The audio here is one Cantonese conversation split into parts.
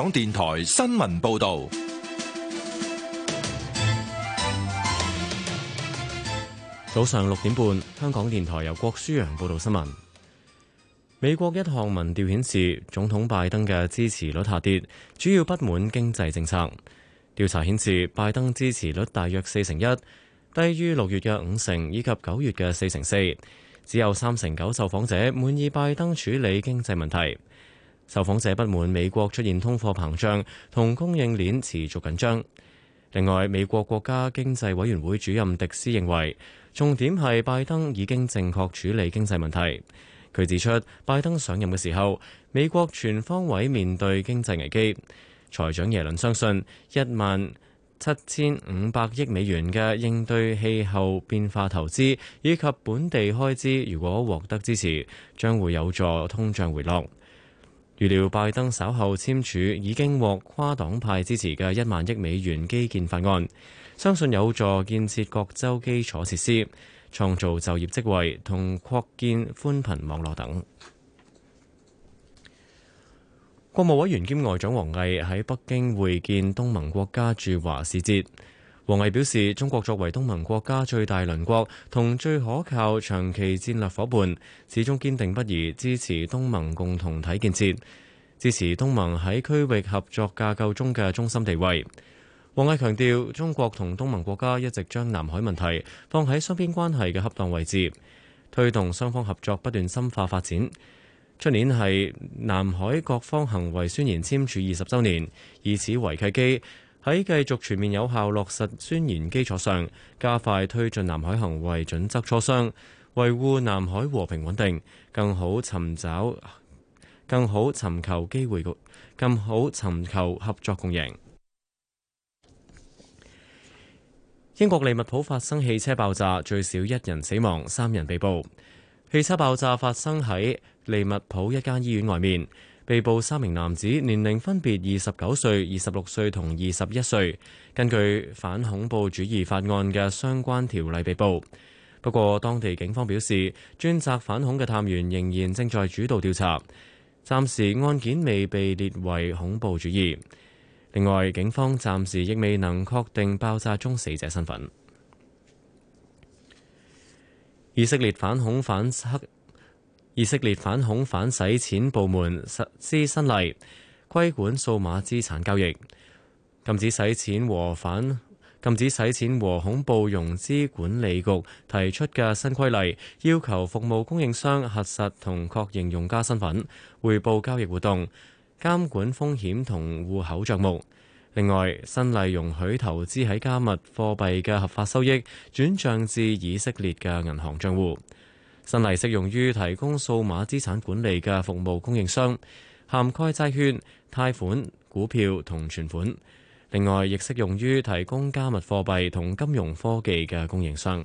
香港電台新聞報道，早上六點半，香港電台由郭舒揚報道新聞。美國一項民調顯示，總統拜登嘅支持率下跌，主要不滿經濟政策。調查顯示，拜登支持率大約四成一，低於六月約五成，以及九月嘅四成四。只有三成九受訪者滿意拜登處理經濟問題。受訪者不滿美國出現通貨膨脹同供應鏈持續緊張。另外，美國國家經濟委員會主任迪斯認為，重點係拜登已經正確處理經濟問題。佢指出，拜登上任嘅時候，美國全方位面對經濟危機。財長耶倫相信，一萬七千五百億美元嘅應對氣候變化投資以及本地開支，如果獲得支持，將會有助通脹回落。預料拜登稍後簽署已經獲跨黨派支持嘅一萬億美元基建法案，相信有助建設各州基礎設施、創造就業職位同擴建寬頻網絡等。國務委員兼外長王毅喺北京會見東盟國家駐華使節。王毅表示，中國作為東盟國家最大鄰國同最可靠長期戰略伙伴，始終堅定不移支持東盟共同體建設，支持東盟喺區域合作架構中嘅中心地位。王毅強調，中國同東盟國家一直將南海問題放喺雙邊關係嘅恰當位置，推動雙方合作不斷深化發展。出年係南海各方行為宣言簽署二十週年，以此為契機，喺繼續全面有效落實宣言基礎上，加快推進南海行為準則磋商，維護南海和平穩定，更好尋找、更好尋求機會、更好尋求合作共贏。英國利物浦發生汽車爆炸，最少一人死亡，三人被捕。汽車爆炸發生喺利物浦一間醫院外面。被捕三名男子，年齡分別二十九歲、二十六歲同二十一歲，根據反恐怖主義法案嘅相關條例被捕。不過，當地警方表示，專責反恐嘅探員仍然正在主導調查，暫時案件未被列為恐怖主義。另外，警方暫時亦未能確定爆炸中死者身份。以色列反恐反黑。以色列反恐反洗錢部門實施新例，規管數碼資產交易，禁止洗錢和反禁止洗錢和恐怖融資管理局提出嘅新規例，要求服務供應商核實同確認用家身份，匯報交易活動、監管風險同戶口賬目。另外，新例容許投資喺加密貨幣嘅合法收益轉賬至以色列嘅銀行賬戶。新例適用於提供數碼資產管理嘅服務供應商，涵蓋債券、貸款、股票同存款。另外，亦適用於提供加密貨幣同金融科技嘅供應商。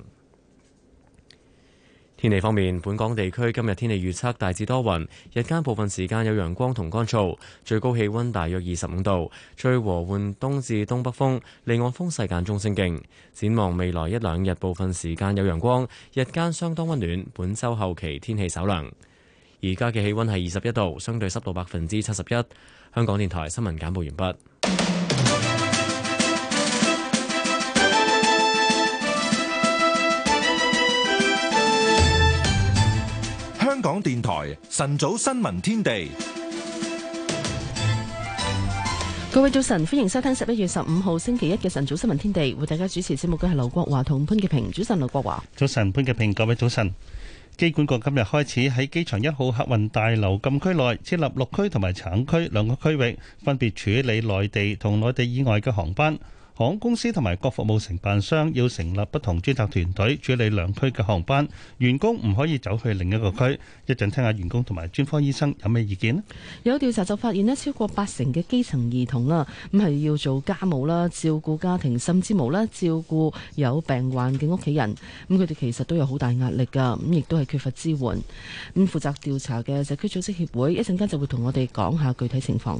天氣方面，本港地區今日天氣預測大致多雲，日間部分時間有陽光同乾燥，最高氣温大約二十五度，吹和緩東至東北風，離岸風勢間中清勁。展望未來一兩日，部分時間有陽光，日間相當温暖。本周後期天氣稍涼。而家嘅氣温係二十一度，相對濕度百分之七十一。香港電台新聞簡報完畢。電台晨早新聞天地，各位早晨，歡迎收聽十一月十五號星期一嘅晨早新聞天地，為大家主持節目嘅係劉國華同潘潔平。主持劉國華，早晨，潘潔平，各位早晨。機管局今日開始喺機場一號客運大樓禁區內設立綠區同埋橙區兩個區域，分別處理內地同內地以外嘅航班。航空公司同埋各服務承辦商要成立不同專責團隊處理兩區嘅航班，員工唔可以走去另一個區。一陣聽下員工同埋專科醫生有咩意見呢。有調查就發現咧，超過八成嘅基層兒童啊，咁係要做家務啦、照顧家庭，甚至無啦照顧有病患嘅屋企人。咁佢哋其實都有好大壓力㗎，咁亦都係缺乏支援。咁負責調查嘅社區組織協會，一陣間就會同我哋講下具體情況。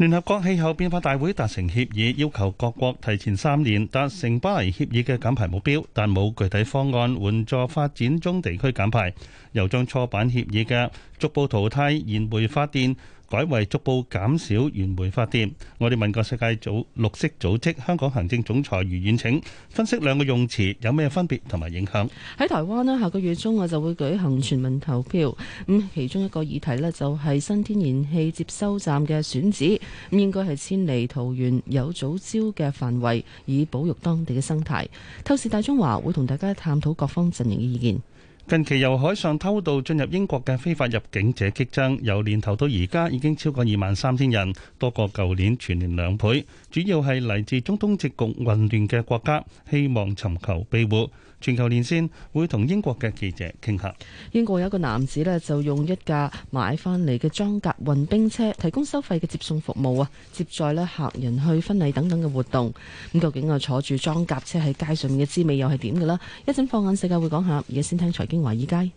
聯合國氣候變化大會達成協議，要求各國提前三年達成巴黎協議嘅減排目標，但冇具體方案援助發展中地區減排，又將初版協議嘅逐步淘汰燃煤發電。改為逐步減少燃煤發電。我哋問過世界組綠色組織香港行政總裁余遠騁，分析兩個用詞有咩分別同埋影響。喺台灣咧，下個月中我就會舉行全民投票。咁、嗯、其中一個議題咧，就係新天然氣接收站嘅選址，咁應該係遷離桃園有藻礁嘅範圍，以保育當地嘅生態。透視大中華會同大家探討各方陣營嘅意見。近期由海上偷渡進入英國嘅非法入境者激增，由年頭到而家已經超過二萬三千人，多過舊年全年兩倍，主要係嚟自中東政局混亂嘅國家，希望尋求庇護。全球連線會同英國嘅記者傾下。英國有一個男子呢，就用一架買翻嚟嘅裝甲運兵車提供收費嘅接送服務啊，接載呢客人去婚禮等等嘅活動。咁究竟啊坐住裝甲車喺街上面嘅滋味又係點嘅咧？一陣放眼世界會講下，而家先聽財經華爾街。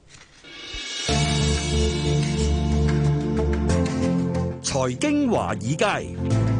財經華爾街。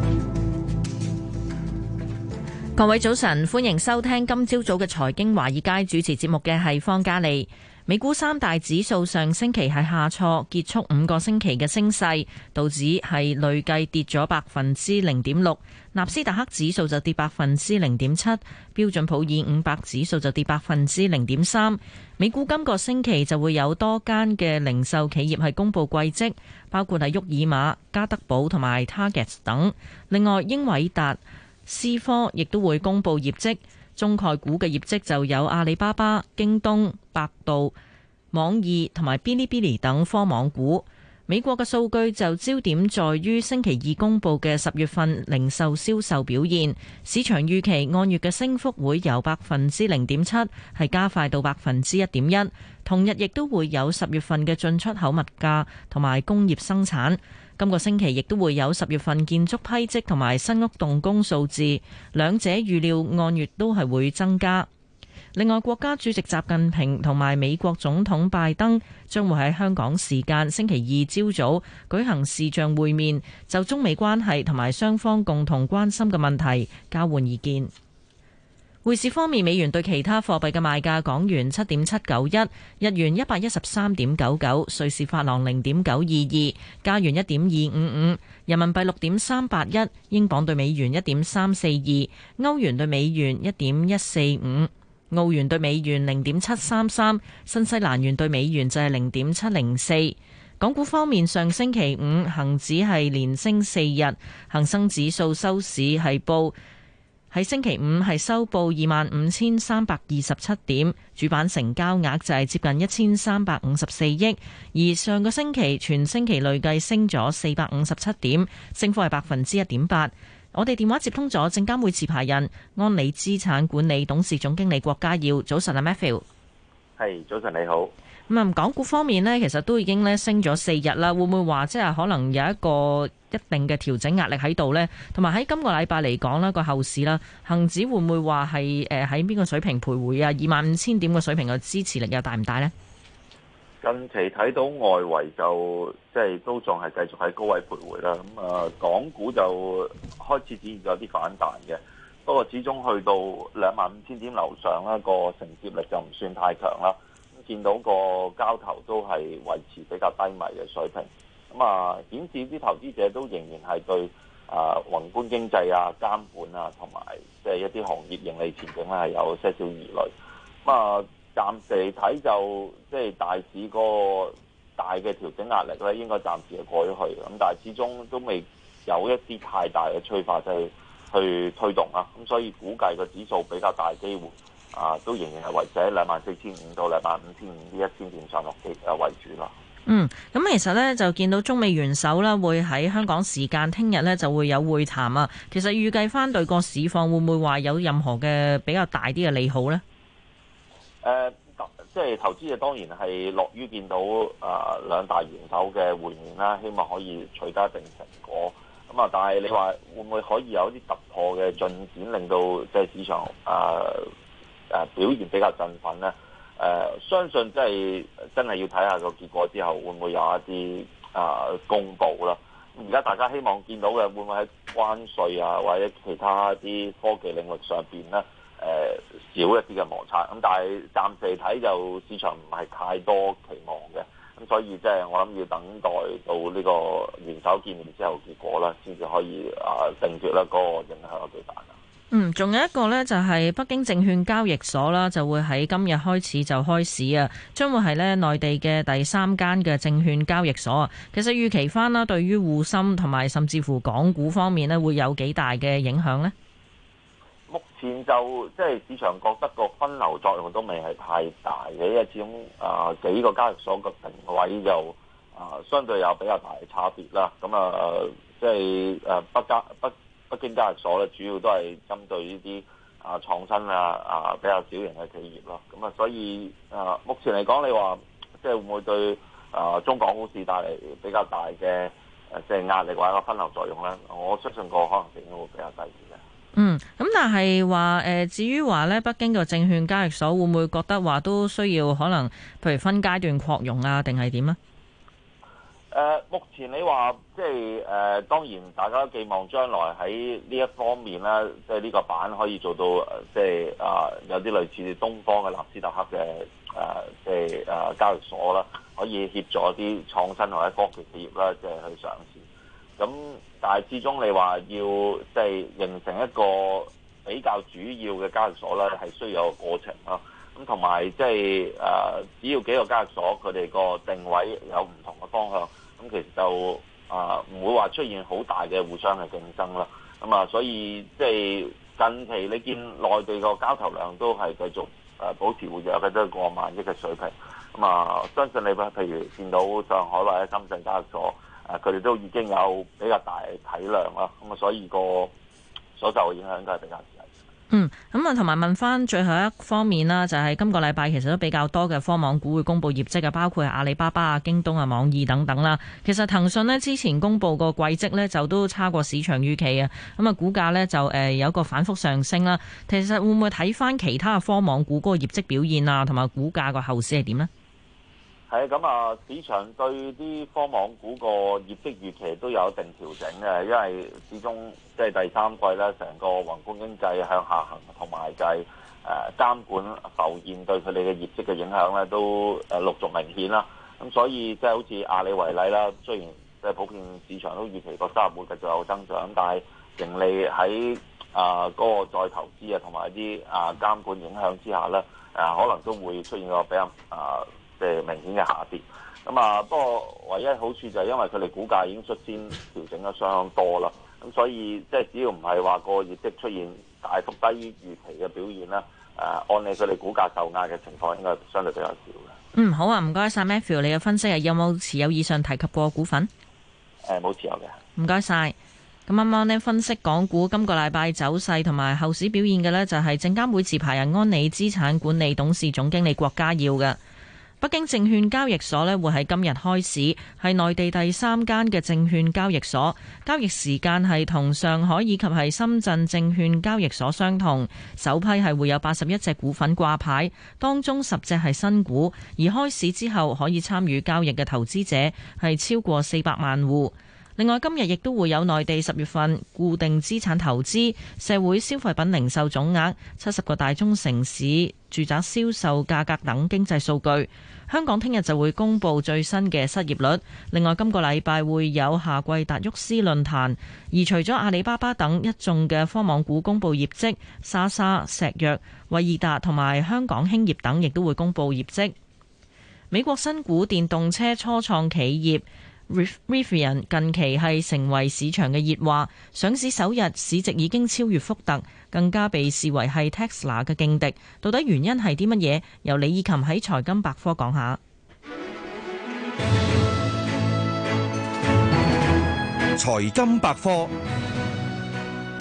各位早晨，歡迎收聽今朝早嘅財經華爾街，主持節目嘅係方嘉莉。美股三大指數上星期係下挫，結束五個星期嘅升勢，道指係累計跌咗百分之零點六，納斯達克指數就跌百分之零點七，標準普爾五百指數就跌百分之零點三。美股今個星期就會有多間嘅零售企業係公布季績，包括係沃爾瑪、加德寶同埋 Target 等。另外，英偉達。思科亦都會公佈業績，中概股嘅業績就有阿里巴巴、京東、百度、網易同埋嗶哩嗶哩等科網股。美國嘅數據就焦點在於星期二公布嘅十月份零售銷售表現，市場預期按月嘅升幅會由百分之零點七，係加快到百分之一點一。同日亦都會有十月份嘅進出口物價同埋工業生產。今個星期亦都會有十月份建築批積同埋新屋動工數字，兩者預料按月都係會增加。另外，國家主席習近平同埋美國總統拜登將會喺香港時間星期二朝早舉行視像會面，就中美關係同埋雙方共同關心嘅問題交換意見。匯市方面，美元對其他貨幣嘅賣價：港元七點七九一，日元一百一十三點九九，瑞士法郎零點九二二，加元一點二五五，人民幣六點三八一，英鎊對美元一點三四二，歐元對美元一點一四五，澳元對美元零點七三三，新西蘭元對美元就係零點七零四。港股方面，上星期五，恒指係連升四日，恒生指數收市係報。喺星期五係收報二萬五千三百二十七點，主板成交額就係接近一千三百五十四億，而上個星期全星期累計升咗四百五十七點，升幅係百分之一點八。我哋電話接通咗證監會持牌人安理資產管理董事總經理郭家耀，早晨阿 Matthew，係，早晨你好。咁港股方面呢，其實都已經咧升咗四日啦。會唔會話即係可能有一個一定嘅調整壓力喺度呢？同埋喺今個禮拜嚟講咧，個後市啦，恆指會唔會話係誒喺邊個水平徘徊啊？二萬五千點嘅水平嘅支持力又大唔大呢？近期睇到外圍就即係都仲係繼續喺高位徘徊啦。咁啊，港股就開始展現咗啲反彈嘅，不過始終去到兩萬五千點樓上咧，個承接力就唔算太強啦。見到個交投都係維持比較低迷嘅水平，咁啊，顯示啲投資者都仍然係對啊、呃、宏觀經濟啊、監管啊同埋即係一啲行業盈利前景咧係有些少疑慮。咁啊，暫時嚟睇就即係、就是、大市個大嘅調整壓力咧，應該暫時係過咗去。咁但係始終都未有一啲太大嘅催化劑去，去推動啊。咁所以估計個指數比較大機會。啊，都仍然係維持喺兩萬四千五到兩萬五千五呢一千點上落嘅位為主咯。嗯，咁其實呢，就見到中美元首呢會喺香港時間聽日呢就會有會談啊。其實預計翻對個市況會唔會話有任何嘅比較大啲嘅利好呢？誒、嗯，即係投資嘅當然係樂於見到啊、呃、兩大元首嘅會面啦，希望可以取得一定成果。咁啊，但係你話會唔會可以有啲突破嘅進展，令到即係市場啊？呃誒、呃、表現比較振奮咧，誒、呃、相信真係真係要睇下個結果之後會唔會有一啲啊、呃、公佈啦。而家大家希望見到嘅會唔會喺關稅啊或者其他啲科技領域上邊咧誒少一啲嘅摩擦？咁但係暫時睇就市場唔係太多期望嘅，咁所以即係我諗要等待到呢個元首見面之後結果啦，先至可以啊、呃、定奪啦嗰個影響有幾大嘅。嗯，仲有一個呢，就係北京證券交易所啦，就會喺今日開始就開市啊，將會係呢內地嘅第三間嘅證券交易所啊。其實預期翻啦，對於滬深同埋甚至乎港股方面呢，會有幾大嘅影響呢？目前就即係、就是、市場覺得個分流作用都未係太大嘅，因為始終啊、呃、幾個交易所嘅定位就啊、呃、相對有比較大嘅差別啦。咁啊，即係誒北交北。北京交易所咧，主要都係針對呢啲啊創新啊啊比較小型嘅企業咯。咁啊，所以啊，目前嚟講，你話即係會唔會對啊中港股市帶嚟比較大嘅誒即係壓力或者個分流作用咧？我相信個可能性都會比較低啲嘅。嗯，咁但係話誒，至於話咧，北京嘅證券交易所會唔會覺得話都需要可能，譬如分階段擴容啊，定係點啊？誒、呃，目前你話即係誒、呃，當然大家都寄望將來喺呢一方面咧，即係呢個板可以做到，即係啊、呃，有啲類似東方嘅納斯達克嘅誒、呃，即係誒、呃、交易所啦，可以協助啲創新或者科技企業啦，即係去上市。咁但係始終你話要即係形成一個比較主要嘅交易所咧，係需要有過程咯。咁同埋即係誒、呃，只要幾個交易所佢哋個定位有唔同嘅方向。咁其實就啊，唔會話出現好大嘅互相嘅競爭啦。咁啊，所以即係近期你見內地個交投量都係繼續啊保持活躍嘅，都係過萬億嘅水平。咁啊，相信你譬如見到上海或者深圳交易所啊，佢哋都已經有比較大體量啦。咁啊，所以個所受嘅影響都係比較。嗯，咁啊，同埋問翻最後一方面啦，就係今個禮拜其實都比較多嘅科網股會公布業績嘅，包括阿里巴巴啊、京東啊、網易等等啦。其實騰訊咧，之前公布個季績呢，就都差過市場預期啊，咁啊股價呢，就誒有一個反復上升啦。其實會唔會睇翻其他科網股嗰個業績表現啊，同埋股價個後市係點呢？係咁啊！市場對啲科網股個業績預期都有一定調整嘅，因為始終即係第三季啦，成個宏觀經濟向下行，同埋就係誒監管浮現對佢哋嘅業績嘅影響咧，都誒陸續明顯啦。咁所以即係好似阿里為例啦，雖然即係普遍市場都預期個收入繼續有增長，但係盈利喺啊嗰個再投資啊，同埋啲啊監管影響之下咧，誒可能都會出現個比較啊～明顯嘅下跌咁啊。不過唯一好處就係，因為佢哋股價已經率先調整咗相當多啦。咁、啊、所以即係只要唔係話個業績出現大幅低於預期嘅表現啦，誒、啊，按理佢哋股價受壓嘅情況應該相對比較少嘅。嗯，好啊，唔該晒。Matthew，你嘅分析係有冇持有以上提及過股份？誒、欸，冇持有嘅。唔該晒。咁啱啱呢分析港股今個禮拜走勢同埋後市表現嘅呢，就係證監會持牌人安理資產管理董事總經理郭家耀嘅。北京證券交易所呢會喺今日開市，係內地第三間嘅證券交易所。交易時間係同上海以及係深圳證券交易所相同。首批係會有八十一隻股份掛牌，當中十隻係新股。而開市之後可以參與交易嘅投資者係超過四百萬戶。另外，今日亦都會有內地十月份固定資產投資、社會消費品零售總額、七十個大中城市住宅銷售價格等經濟數據。香港聽日就會公佈最新嘅失業率。另外，今個禮拜會有夏季達沃斯論壇。而除咗阿里巴巴等一眾嘅科網股公佈業績，莎莎、石藥、偉易達同埋香港興業等亦都會公佈業績。美國新股電動車初創企業。Rivian 近期係成為市場嘅熱話，上市首日市值已經超越福特，更加被視為係 Tesla 嘅勁敵。到底原因係啲乜嘢？由李以琴喺財金百科講下。財金百科。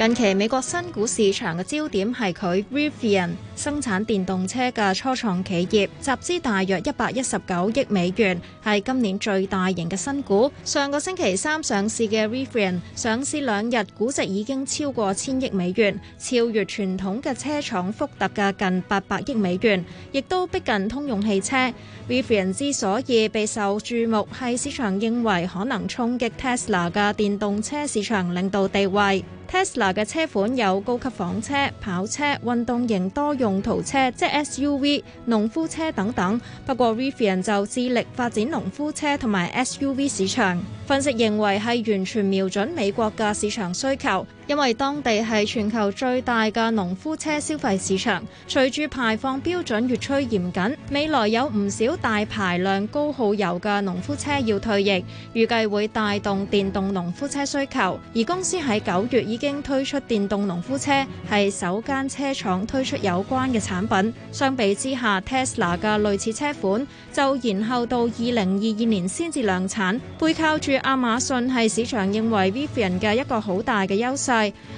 近期美國新股市場嘅焦點係佢 Rivian 生產電動車嘅初創企業，集資大約一百一十九億美元，係今年最大型嘅新股。上個星期三上市嘅 Rivian 上市兩日，估值已經超過千億美元，超越傳統嘅車廠福特嘅近八百億美元，亦都逼近通用汽車。Rivian 之所以備受注目，係市場認為可能衝擊 Tesla 嘅電動車市場領導地位。Tesla 嘅車款有高級房車、跑車、運動型多用途車，即 SUV、農夫車等等。不過，Rivian 就致力發展農夫車同埋 SUV 市場，分析認為係完全瞄準美國嘅市場需求。因為當地係全球最大嘅農夫車消費市場，隨住排放標準越趨嚴謹，未來有唔少大排量高耗油嘅農夫車要退役，預計會帶動電動農夫車需求。而公司喺九月已經推出電動農夫車，係首間車廠推出有關嘅產品。相比之下，Tesla 嘅類似車款就延後到二零二二年先至量產，背靠住亞馬遜係市場認為 Vivian 嘅一個好大嘅優勢。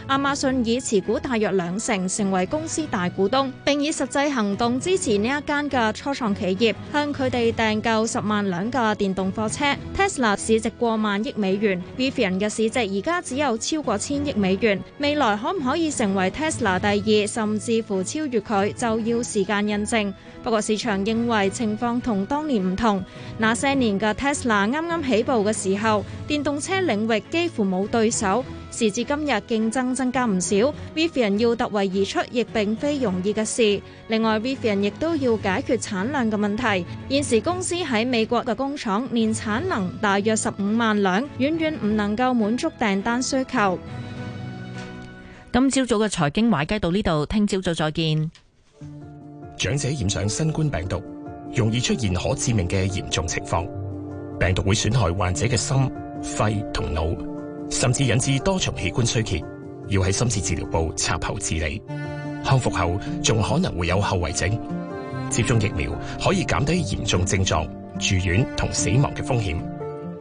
亞馬遜已持股大約兩成，成為公司大股東，並以實際行動支持呢一間嘅初創企業，向佢哋訂購十萬輛嘅電動貨車。Tesla 市值過萬億美元，Vivian 嘅市值而家只有超過千億美元。未來可唔可以成為 Tesla 第二，甚至乎超越佢，就要時間印證。不過市場認為情況同當年唔同，那些年嘅 Tesla 啱啱起步嘅時候，電動車領域幾乎冇對手。時至今日，競爭增加唔少，Vivian 要突圍而出亦並非容易嘅事。另外，Vivian 亦都要解決產量嘅問題。現時公司喺美國嘅工廠年產能大約十五萬兩，遠遠唔能夠滿足訂單需求。今朝早嘅財經快訊到呢度，聽朝早，早再見。長者染上新冠病毒，容易出現可致命嘅嚴重情況，病毒會損害患者嘅心、肺同腦。甚至引致多重器官衰竭，要喺深切治療部插喉治理。康復後仲可能會有後遺症。接種疫苗可以減低嚴重症狀、住院同死亡嘅風險。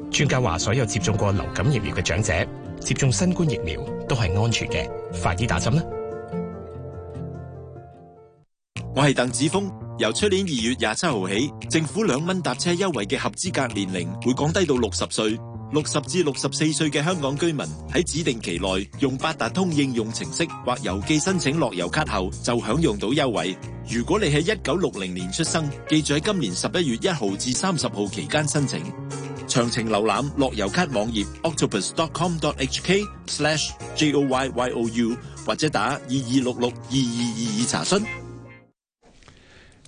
專家話，所有接種過流感疫苗嘅長者接種新冠疫苗都係安全嘅。快啲打針啦！我係鄧子峰。由出年二月廿七號起，政府兩蚊搭車優惠嘅合資格年齡會降低到六十歲。六十至六十四歲嘅香港居民喺指定期內，用八達通應用程式或郵寄申請樂悠卡後，就享用到優惠。如果你喺一九六零年出生，記住喺今年十一月一號至三十號期間申請。詳情瀏覽樂悠卡網頁 octopus.com.hk/joyyou 或者打二二六六二二二二查詢。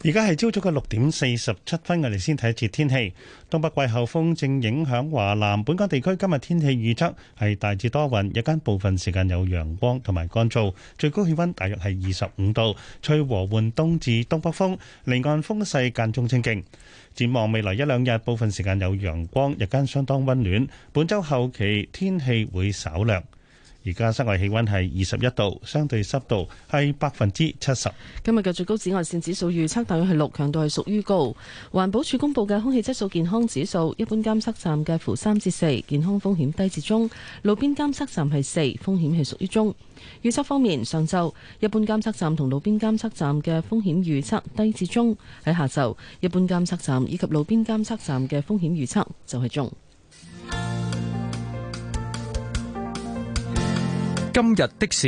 而家係朝早嘅六點四十七分，我哋先睇一節天氣。東北季候風正影響華南本港地區，今日天氣預測係大致多雲，日間部分時間有陽光同埋，乾燥，最高氣溫大約係二十五度。吹和緩東至東北風，離岸風勢間中清勁。展望未來一兩日，部分時間有陽光，日間相當溫暖。本周後期天氣會稍涼。而家室外氣溫係二十一度，相對濕度係百分之七十。今日嘅最高紫外線指數預測大約係六，強度係屬於高。環保署公布嘅空氣質素健康指數，一般監測站嘅負三至四，健康風險低至中；路邊監測站係四，風險係屬於中。預測方面，上晝一般監測站同路邊監測站嘅風險預測低至中；喺下晝一般監測站以及路邊監測站嘅風險預測就係中。今日的事，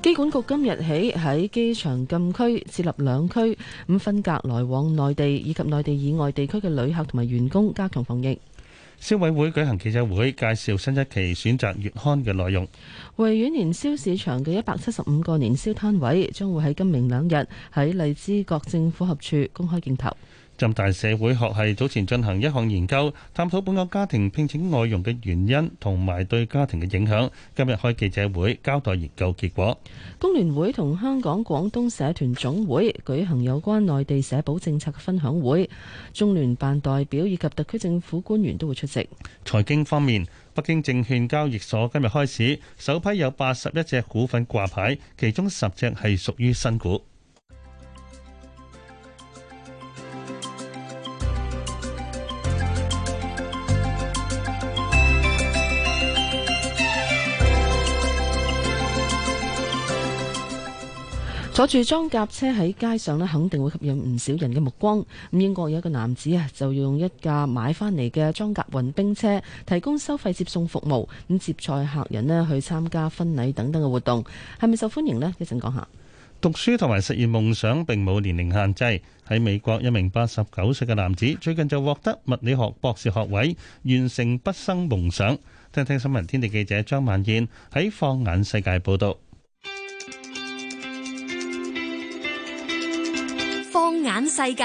機管局今日起喺機場禁區設立兩區，咁分隔來往內地以及內地以外地區嘅旅客同埋員工，加強防疫。消委會舉行記者會，介紹新一期選擇月刊嘅內容。維園年宵市場嘅一百七十五個年宵攤位，將會喺今明兩日喺荔枝角政府合署公開競投。浸大社會學系早前進行一項研究，探討本港家庭聘請外傭嘅原因同埋對家庭嘅影響。今日開記者會交代研究結果。工聯會同香港廣東社團總會舉行有關內地社保政策嘅分享會，中聯辦代表以及特區政府官員都會出席。財經方面，北京證券交易所今日開始，首批有八十一隻股份掛牌，其中十隻係屬於新股。坐住裝甲車喺街上呢，肯定會吸引唔少人嘅目光。咁英國有一個男子啊，就要用一架買翻嚟嘅裝甲運兵車，提供收費接送服務，咁接載客人呢去參加婚禮等等嘅活動，係咪受歡迎呢？一陣講下。讀書同埋實現夢想，並冇年齡限制。喺美國，一名八十九歲嘅男子最近就獲得物理學博士學位，完成畢生夢想。聽聽新聞天地記者張萬燕喺放眼世界報道。世界，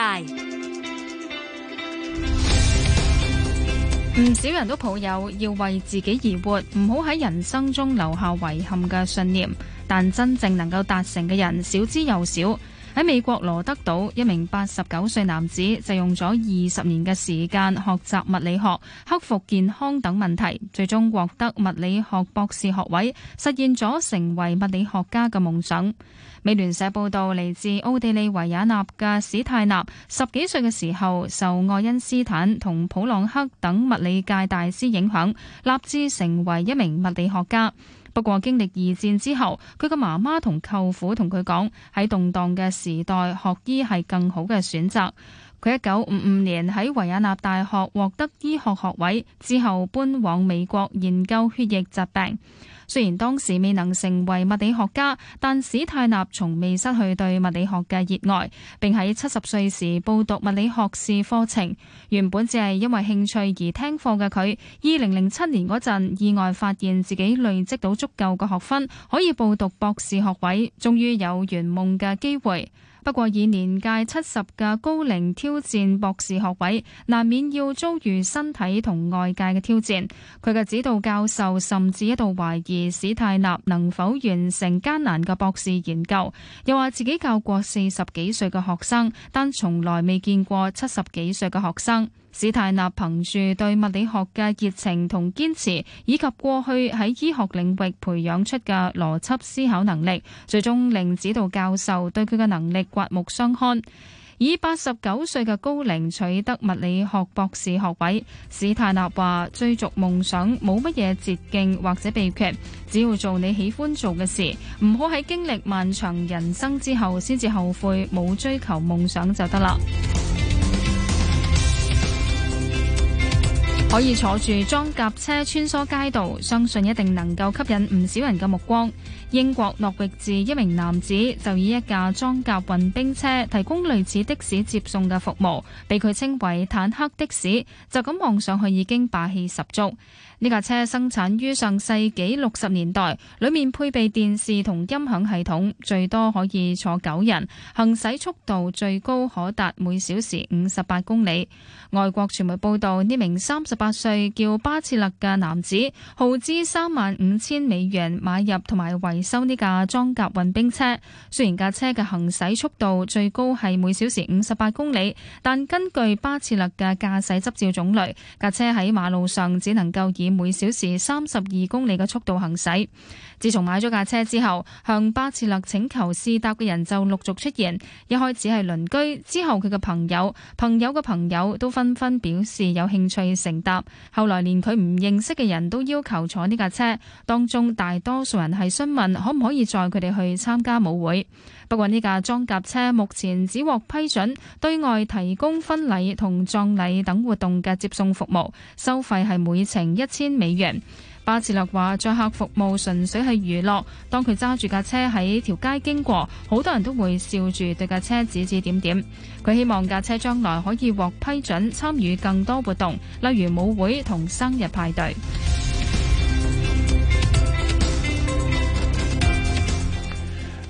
唔少人都抱有要為自己而活，唔好喺人生中留下遺憾嘅信念，但真正能夠達成嘅人少之又少。喺美國羅德島，一名八十九歲男子就用咗二十年嘅時間學習物理學，克服健康等問題，最終獲得物理學博士學位，實現咗成為物理學家嘅夢想。美聯社報道，嚟自奧地利維也納嘅史泰納，十幾歲嘅時候受愛因斯坦同普朗克等物理界大師影響，立志成為一名物理學家。不過經歷二戰之後，佢個媽媽同舅父同佢講，喺動盪嘅時代，學醫係更好嘅選擇。佢一九五五年喺維也納大學獲得醫學學位之後，搬往美國研究血液疾病。雖然當時未能成為物理學家，但史泰納從未失去對物理學嘅熱愛，並喺七十歲時報讀物理學士課程。原本只係因為興趣而聽課嘅佢，二零零七年嗰陣意外發現自己累積到足夠嘅學分，可以報讀博士學位，終於有圓夢嘅機會。不過，以年屆七十嘅高齡挑戰博士學位，難免要遭遇身體同外界嘅挑戰。佢嘅指導教授甚至一度懷疑史泰納能否完成艱難嘅博士研究，又話自己教過四十幾歲嘅學生，但從來未見過七十幾歲嘅學生。史泰納憑住對物理學嘅熱情同堅持，以及過去喺醫學領域培養出嘅邏輯思考能力，最終令指導教授對佢嘅能力刮目相看。以八十九歲嘅高齡取得物理學博士學位，史泰納話：追逐夢想冇乜嘢捷徑或者秘訣，只要做你喜歡做嘅事，唔好喺經歷漫長人生之後先至後悔冇追求夢想就得啦。可以坐住裝甲車穿梭街道，相信一定能夠吸引唔少人嘅目光。英國諾域治一名男子就以一架裝甲運兵車提供類似的的士接送嘅服務，被佢稱為坦克的士，就咁望上去已經霸氣十足。呢架車生產於上世紀六十年代，裏面配備電視同音響系統，最多可以坐九人，行駛速度最高可達每小時五十八公里。外國傳媒報道，呢名三十八歲叫巴切勒嘅男子耗資三萬五千美元買入同埋維修呢架裝甲運兵車。雖然架車嘅行駛速度最高係每小時五十八公里，但根據巴切勒嘅駕駛執照種類，架車喺馬路上只能夠以每小時三十二公里嘅速度行駛。自從買咗架車之後，向巴茨勒請求試搭嘅人就陸續出現。一開始係鄰居，之後佢嘅朋友、朋友嘅朋友都紛紛表示有興趣乘搭。後來連佢唔認識嘅人都要求坐呢架車，當中大多數人係詢問可唔可以載佢哋去參加舞會。不過呢架裝甲車目前只獲批准對外提供婚禮同葬禮等活動嘅接送服務，收費係每程一千美元。巴茨勒話：載客服務純粹係娛樂，當佢揸住架車喺條街經過，好多人都會笑住對架車指指點點。佢希望架車將來可以獲批准參與更多活動，例如舞會同生日派對。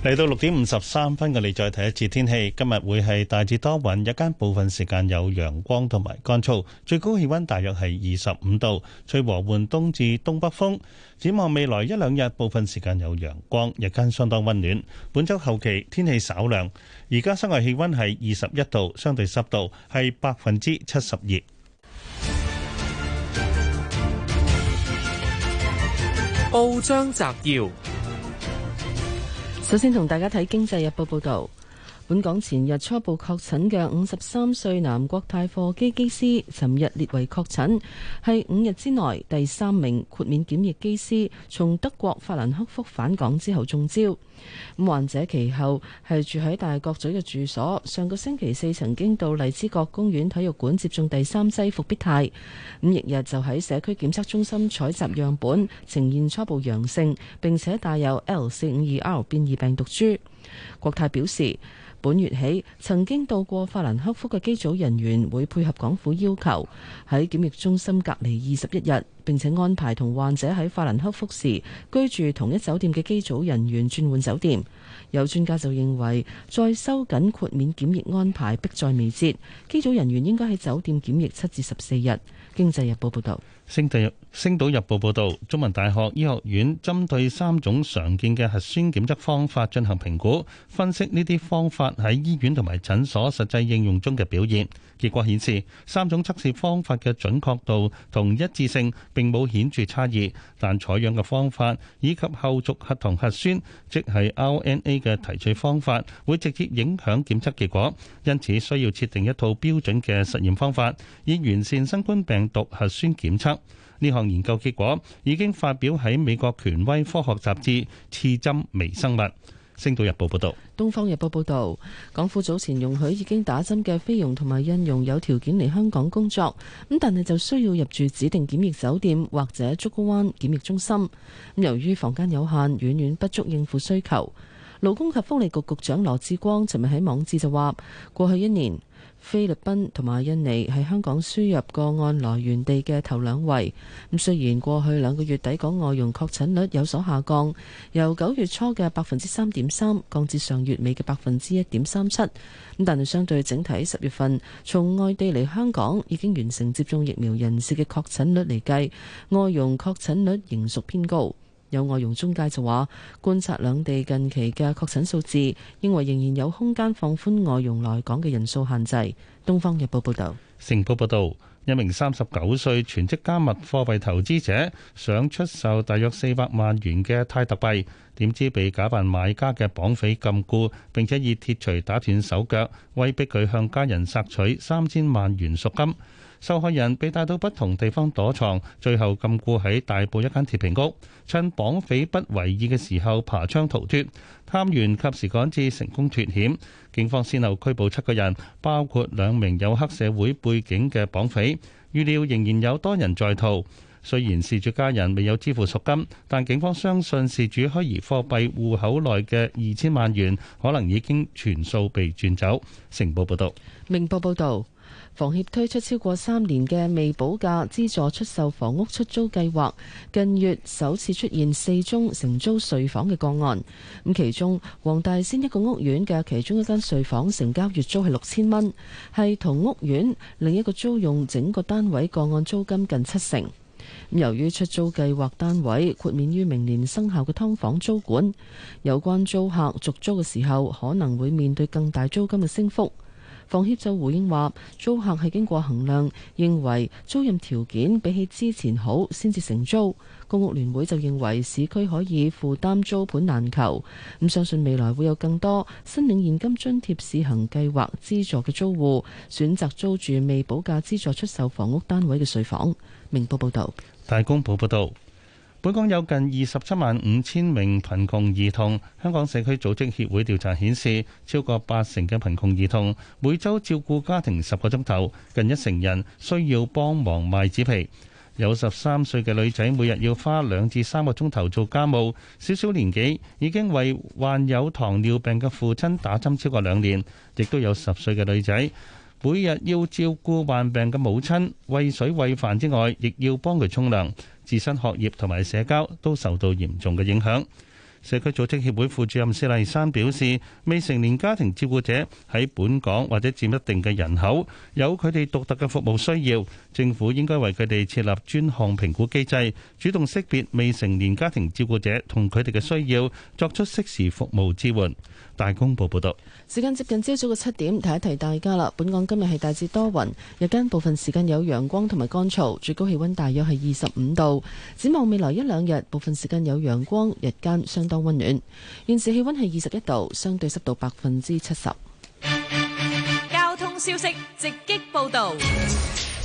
嚟到六點五十三分我哋，再睇一次天氣。今日會係大致多雲，日間部分時間有陽光同埋乾燥，最高氣溫大約係二十五度，吹和緩東至東北風。展望未來一兩日，部分時間有陽光，日間相當溫暖。本周後期天氣稍涼。而家室外氣溫係二十一度，相對濕度係百分之七十二。報章摘要。首先同大家睇《經濟日報》報導。本港前日初步確診嘅五十三歲男國泰貨機機師，尋日列為確診，係五日之內第三名豁免檢疫機師，從德國法蘭克福返港之後中招。患者其後係住喺大角咀嘅住所，上個星期四曾經到荔枝角公園體育館接種第三劑復必泰，咁翌日就喺社區檢測中心採集樣本，呈現初步陽性，並且帶有 L 四五二 R 變異病毒株。國泰表示。本月起，曾經到過法蘭克福嘅機組人員會配合港府要求喺檢疫中心隔離二十一日，並且安排同患者喺法蘭克福時居住同一酒店嘅機組人員轉換酒店。有專家就認為，再收緊豁免檢疫安排迫在眉睫，機組人員應該喺酒店檢疫七至十四日。經濟日報報道。星島日報報道，中文大學醫學院針對三種常見嘅核酸檢測方法進行評估，分析呢啲方法喺醫院同埋診所實際應用中嘅表現。結果顯示，三種測試方法嘅準確度同一致性並冇顯著差異，但採樣嘅方法以及後續核糖核酸即係 RNA 嘅提取方法會直接影響檢測結果，因此需要設定一套標準嘅實驗方法，以完善新冠病毒核酸檢測。呢項研究結果已經發表喺美國權威科學雜誌《刺針微生物》。星島日報報道：「東方日報報道，港府早前容許已經打針嘅菲傭同埋印傭有條件嚟香港工作，咁但係就需要入住指定檢疫酒店或者竹篙灣檢疫中心。咁由於房間有限，遠遠不足應付需求。勞工及福利局局,局長羅志光尋日喺網誌就話：過去一年。菲律賓同埋印尼係香港輸入個案來源地嘅頭兩位。咁雖然過去兩個月抵港外傭確診率有所下降，由九月初嘅百分之三點三降至上月尾嘅百分之一點三七。咁但係相對整體十月份從外地嚟香港已經完成接種疫苗人士嘅確診率嚟計，外傭確診率仍屬偏高。有外傭中介就話，觀察兩地近期嘅確診數字，認為仍然有空間放寬外傭來港嘅人數限制。《東方日報》報導，成報報導，一名三十九歲全職加密貨幣投資者想出售大約四百萬元嘅泰特幣，點知被假扮買家嘅綁匪禁錮，並且以鐵錘打斷手腳，威逼佢向家人索取三千萬元贖金。受害人被帶到不同地方躲藏，最後禁錮喺大埔一間鐵皮屋，趁綁匪不為意嘅時候爬窗逃脫。探員及時趕至，成功脫險。警方先後拘捕七個人，包括兩名有黑社會背景嘅綁匪。預料仍然有多人在逃。雖然事主家人未有支付贖金，但警方相信事主虛擬貨幣戶口內嘅二千萬元可能已經全數被轉走。成報報導，明報報導。房協推出超過三年嘅未補價資助出售房屋出租計劃，近月首次出現四宗承租睡房嘅個案。咁其中，黃大仙一個屋苑嘅其中一間睡房成交月租係六千蚊，係同屋苑另一個租用整個單位個案租金近七成。由於出租計劃單位豁免於明年生效嘅劏房租管，有關租客續租嘅時候可能會面對更大租金嘅升幅。房協就回應話：租客係經過衡量，認為租賃條件比起之前好，先至承租。公屋聯會就認為市區可以負擔租盤難求，咁相信未來會有更多申領現金津貼試行計劃資助嘅租戶，選擇租住未補價資助出售房屋單位嘅睡房。明報報道。大公報報導。本港有近二十七萬五千名貧窮兒童，香港社區組織協會調查顯示，超過八成嘅貧窮兒童每週照顧家庭十個鐘頭，近一成人需要幫忙賣紙皮。有十三歲嘅女仔每日要花兩至三個鐘頭做家務，小小年紀已經為患有糖尿病嘅父親打針超過兩年。亦都有十歲嘅女仔，每日要照顧患病嘅母親，餵水餵飯之外，亦要幫佢沖涼。自身學業同埋社交都受到嚴重嘅影響。社區組織協會副主任施麗珊表示，未成年家庭照顧者喺本港或者佔一定嘅人口，有佢哋獨特嘅服務需要，政府應該為佢哋設立專項評估機制，主動識別未成年家庭照顧者同佢哋嘅需要，作出適時服務支援。大公報報道，時間接近朝早嘅七點，提一提大家啦。本港今日係大致多雲，日間部分時間有陽光同埋乾燥，最高氣温大約係二十五度。展望未來一兩日，部分時間有陽光，日間相。多溫暖，現時氣溫係二十一度，相對濕度百分之七十。交通消息，直擊報道。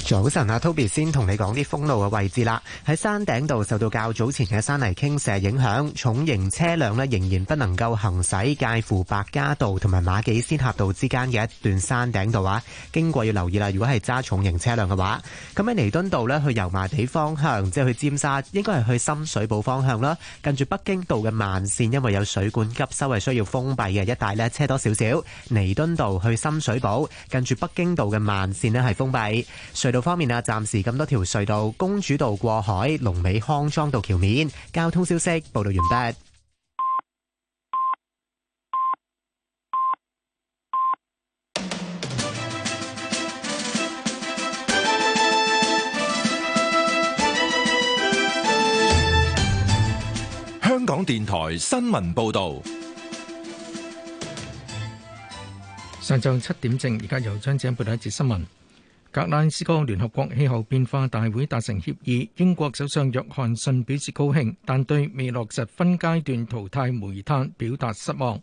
早晨啊，Toby 先同你講啲封路嘅位置啦。喺山頂度受到較早前嘅山泥傾瀉影響，重型車輛咧仍然不能夠行駛介乎白加道同埋馬己仙峽道之間嘅一段山頂度啊。經過要留意啦，如果係揸重型車輛嘅話，咁喺彌敦道咧去油麻地方向，即係去尖沙，應該係去深水埗方向啦。近住北京道嘅慢線，因為有水管急修，係需要封閉嘅一帶咧，車多少少。彌敦道去深水埗，近住北京道嘅慢線咧係封閉，隧。方面啊，暫時咁多條隧道，公主道過海，龍尾康莊道橋面，交通消息報道完畢。香港電台新聞報道，上晝七點正，而家由張姐報道一節新聞。格拉斯哥聯合國氣候變化大會達成協議，英國首相約翰遜表示高興，但對未落實分階段淘汰煤炭表達失望。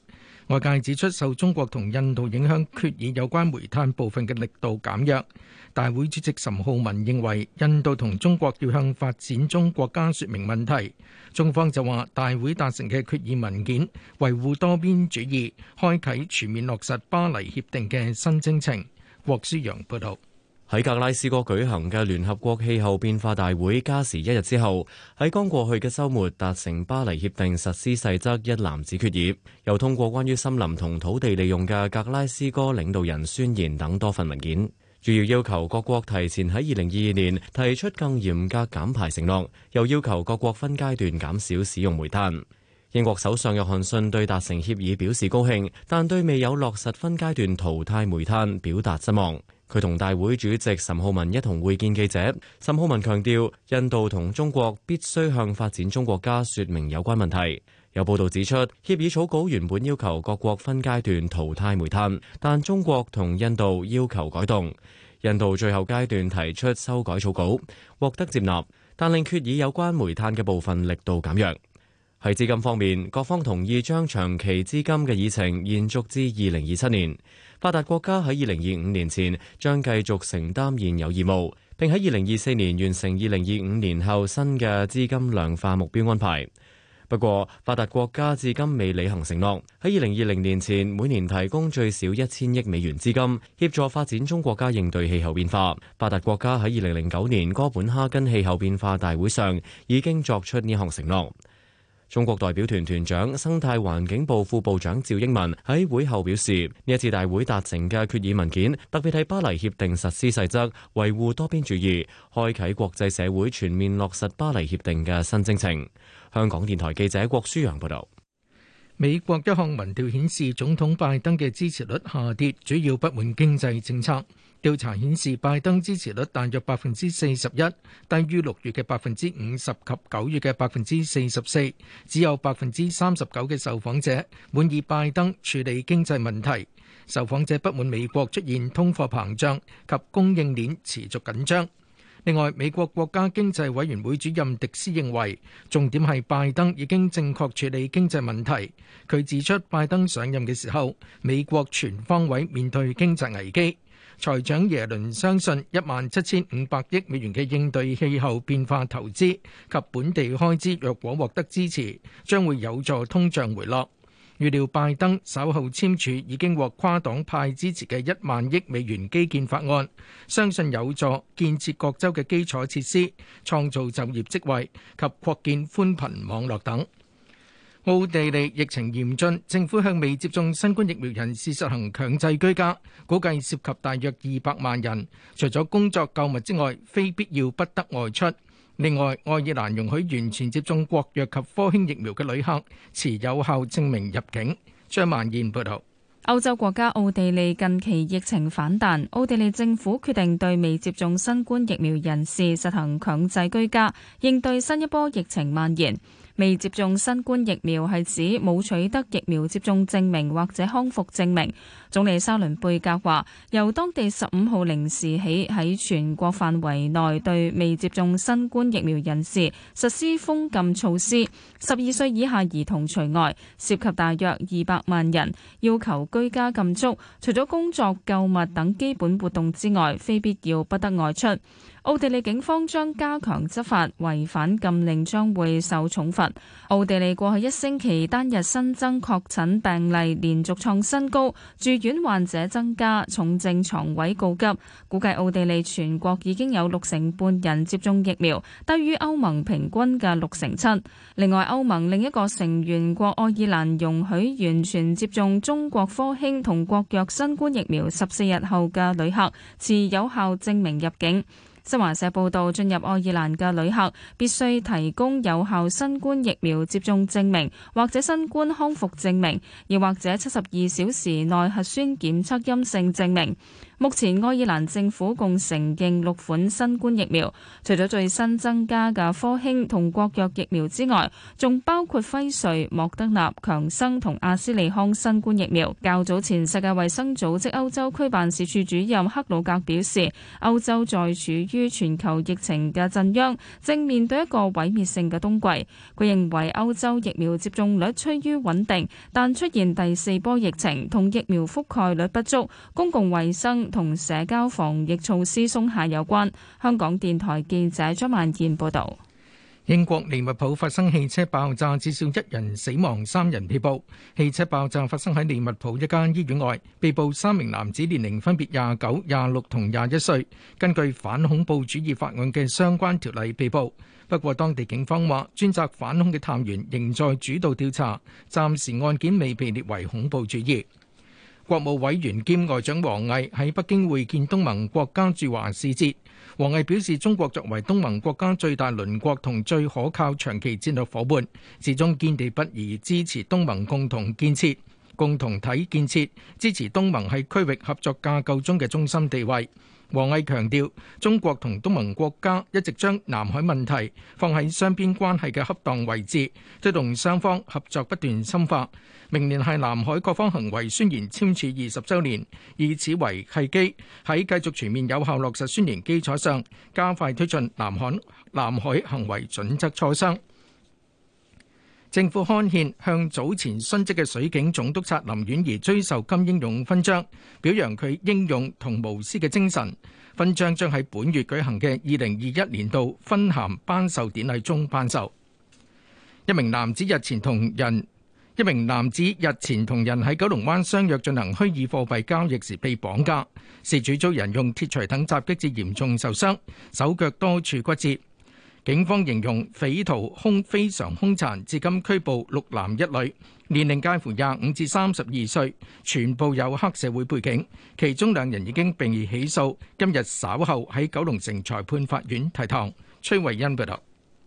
外界指出，受中國同印度影響，決議有關煤炭部分嘅力度減弱。大會主席岑浩文認為，印度同中國要向發展中國家説明問題。中方就話，大會達成嘅決議文件維護多邊主義，開啓全面落實《巴黎協定》嘅新征程。郭書洋報導。喺格拉斯哥舉行嘅聯合國氣候變化大會，加時一日之後，喺剛過去嘅周末達成《巴黎協定》實施細則一攬子決議，又通過關於森林同土地利用嘅《格拉斯哥領導人宣言》等多份文件，主要要求各國提前喺二零二二年提出更嚴格減排承諾，又要求各國分階段減少使用煤炭。英國首相約翰遜對達成協議表示高興，但對未有落實分階段淘汰煤炭表達失望。佢同大會主席岑浩文一同會見記者。岑浩文強調，印度同中國必須向發展中國家說明有關問題。有報道指出，協議草稿原本要求各國分階段淘汰煤炭，但中國同印度要求改動。印度最後階段提出修改草稿，獲得接納，但令決議有關煤炭嘅部分力度減弱。喺資金方面，各方同意將長期資金嘅議程延續至二零二七年。發達國家喺二零二五年前將繼續承擔現有義務，並喺二零二四年完成二零二五年後新嘅資金量化目標安排。不過，發達國家至今未履行承諾，喺二零二零年前每年提供最少一千億美元資金協助發展中國家應對氣候變化。發達國家喺二零零九年哥本哈根氣候變化大會上已經作出呢項承諾。中國代表團團長、生態環境部副部長趙英民喺會後表示，呢一次大會達成嘅決議文件，特別係《巴黎協定》實施細則，維護多邊主義，開啟國際社會全面落實《巴黎協定》嘅新征程。香港電台記者郭舒揚報道。美國一項民調顯示，總統拜登嘅支持率下跌，主要不滿經濟政策。調查顯示，拜登支持率大約百分之四十一，低於六月嘅百分之五十及九月嘅百分之四十四。只有百分之三十九嘅受訪者滿意拜登處理經濟問題。受訪者不滿美國出現通貨膨脹及供應鏈持續緊張。另外，美國國家經濟委員會主任迪斯認為，重點係拜登已經正確處理經濟問題。佢指出，拜登上任嘅時候，美國全方位面對經濟危機。財長耶倫相信，一萬七千五百億美元嘅應對氣候變化投資及本地開支，若果獲得支持，將會有助通脹回落。預料拜登稍後簽署已經獲跨黨派支持嘅一萬億美元基建法案，相信有助建設各州嘅基礎設施、創造就業職位及擴建寬頻網絡等。奧地利疫情嚴峻，政府向未接種新冠疫苗人士實行強制居家，估計涉及大約二百萬人。除咗工作、購物之外，非必要不得外出。另外，愛爾蘭容許完全接種國藥及科興疫苗嘅旅客持有效證明入境。張萬燕報導。歐洲國家奧地利近期疫情反彈，奧地利政府決定對未接種新冠疫苗人士實行強制居家，應對新一波疫情蔓延。未接種新冠疫苗係指冇取得疫苗接種證明或者康復證明。總理沙倫貝格話：由當地十五號零時起，喺全國範圍內對未接種新冠疫苗人士實施封禁措施，十二歲以下兒童除外，涉及大約二百萬人，要求居家禁足，除咗工作、購物等基本活動之外，非必要不得外出。奧地利警方將加強執法，違反禁令將會受重罰。奧地利過去一星期單日新增確診病例連續創新高，院患者增加，重症床位告急。估計奧地利全國已經有六成半人接種疫苗，低於歐盟平均嘅六成七。另外，歐盟另一個成員國愛爾蘭容許完全接種中國科興同國藥新冠疫苗十四日後嘅旅客持有效證明入境。新華社報道，進入愛爾蘭嘅旅客必須提供有效新冠疫苗接種證明，或者新冠康復證明，又或者七十二小時內核酸檢測陰性證明。目前，愛爾蘭政府共承認六款新冠疫苗，除咗最新增加嘅科興同國藥疫苗之外，仲包括輝瑞、莫德納、強生同阿斯利康新冠疫苗。較早前，世界衛生組織歐洲區辦事處主任克魯格表示，歐洲在處於全球疫情嘅震央，正面對一個毀滅性嘅冬季。佢認為歐洲疫苗接種率趨於穩定，但出現第四波疫情同疫苗覆蓋率不足，公共衛生同社交防疫措施鬆懈有關。香港電台記者張萬健報道。英國利物浦發生汽車爆炸，至少一人死亡，三人被捕。汽車爆炸發生喺利物浦一間醫院外，被捕三名男子年齡分別廿九、廿六同廿一歲，根據反恐怖主義法案嘅相關條例被捕。不過，當地警方話，專責反恐嘅探員仍在主導調查，暫時案件未被列為恐怖主義。國務委員兼外長王毅喺北京會見東盟國家駐華使節。王毅表示，中國作為東盟國家最大鄰國同最可靠長期戰略夥伴，始終堅定不移支持東盟共同建設共同體建設，支持東盟喺區域合作架構中嘅中心地位。王毅強調，中國同東盟國家一直將南海問題放喺雙邊關係嘅恰當位置，推動雙方合作不斷深化。明年係南海各方行為宣言簽署二十週年，以此為契機，喺繼續全面有效落實宣言基礎上，加快推進南海南海行為準則磋商。政府刊憲向早前殉職嘅水警總督察林婉儀追授金英勇勳章，表揚佢英勇同無私嘅精神。勳章將喺本月舉行嘅二零二一年度勳銜頒授典禮中頒授。一名男子日前同人一名男子日前同人喺九龍灣相約進行虛擬貨幣交易時被綁架，事主遭人用鐵錘等襲擊至嚴重受傷，手腳多處骨折。警方形容匪徒兇非常兇殘，至今拘捕六男一女，年齡介乎廿五至三十二歲，全部有黑社會背景，其中兩人已經並已起訴，今日稍後喺九龍城裁判法院提堂。崔慧欣報道。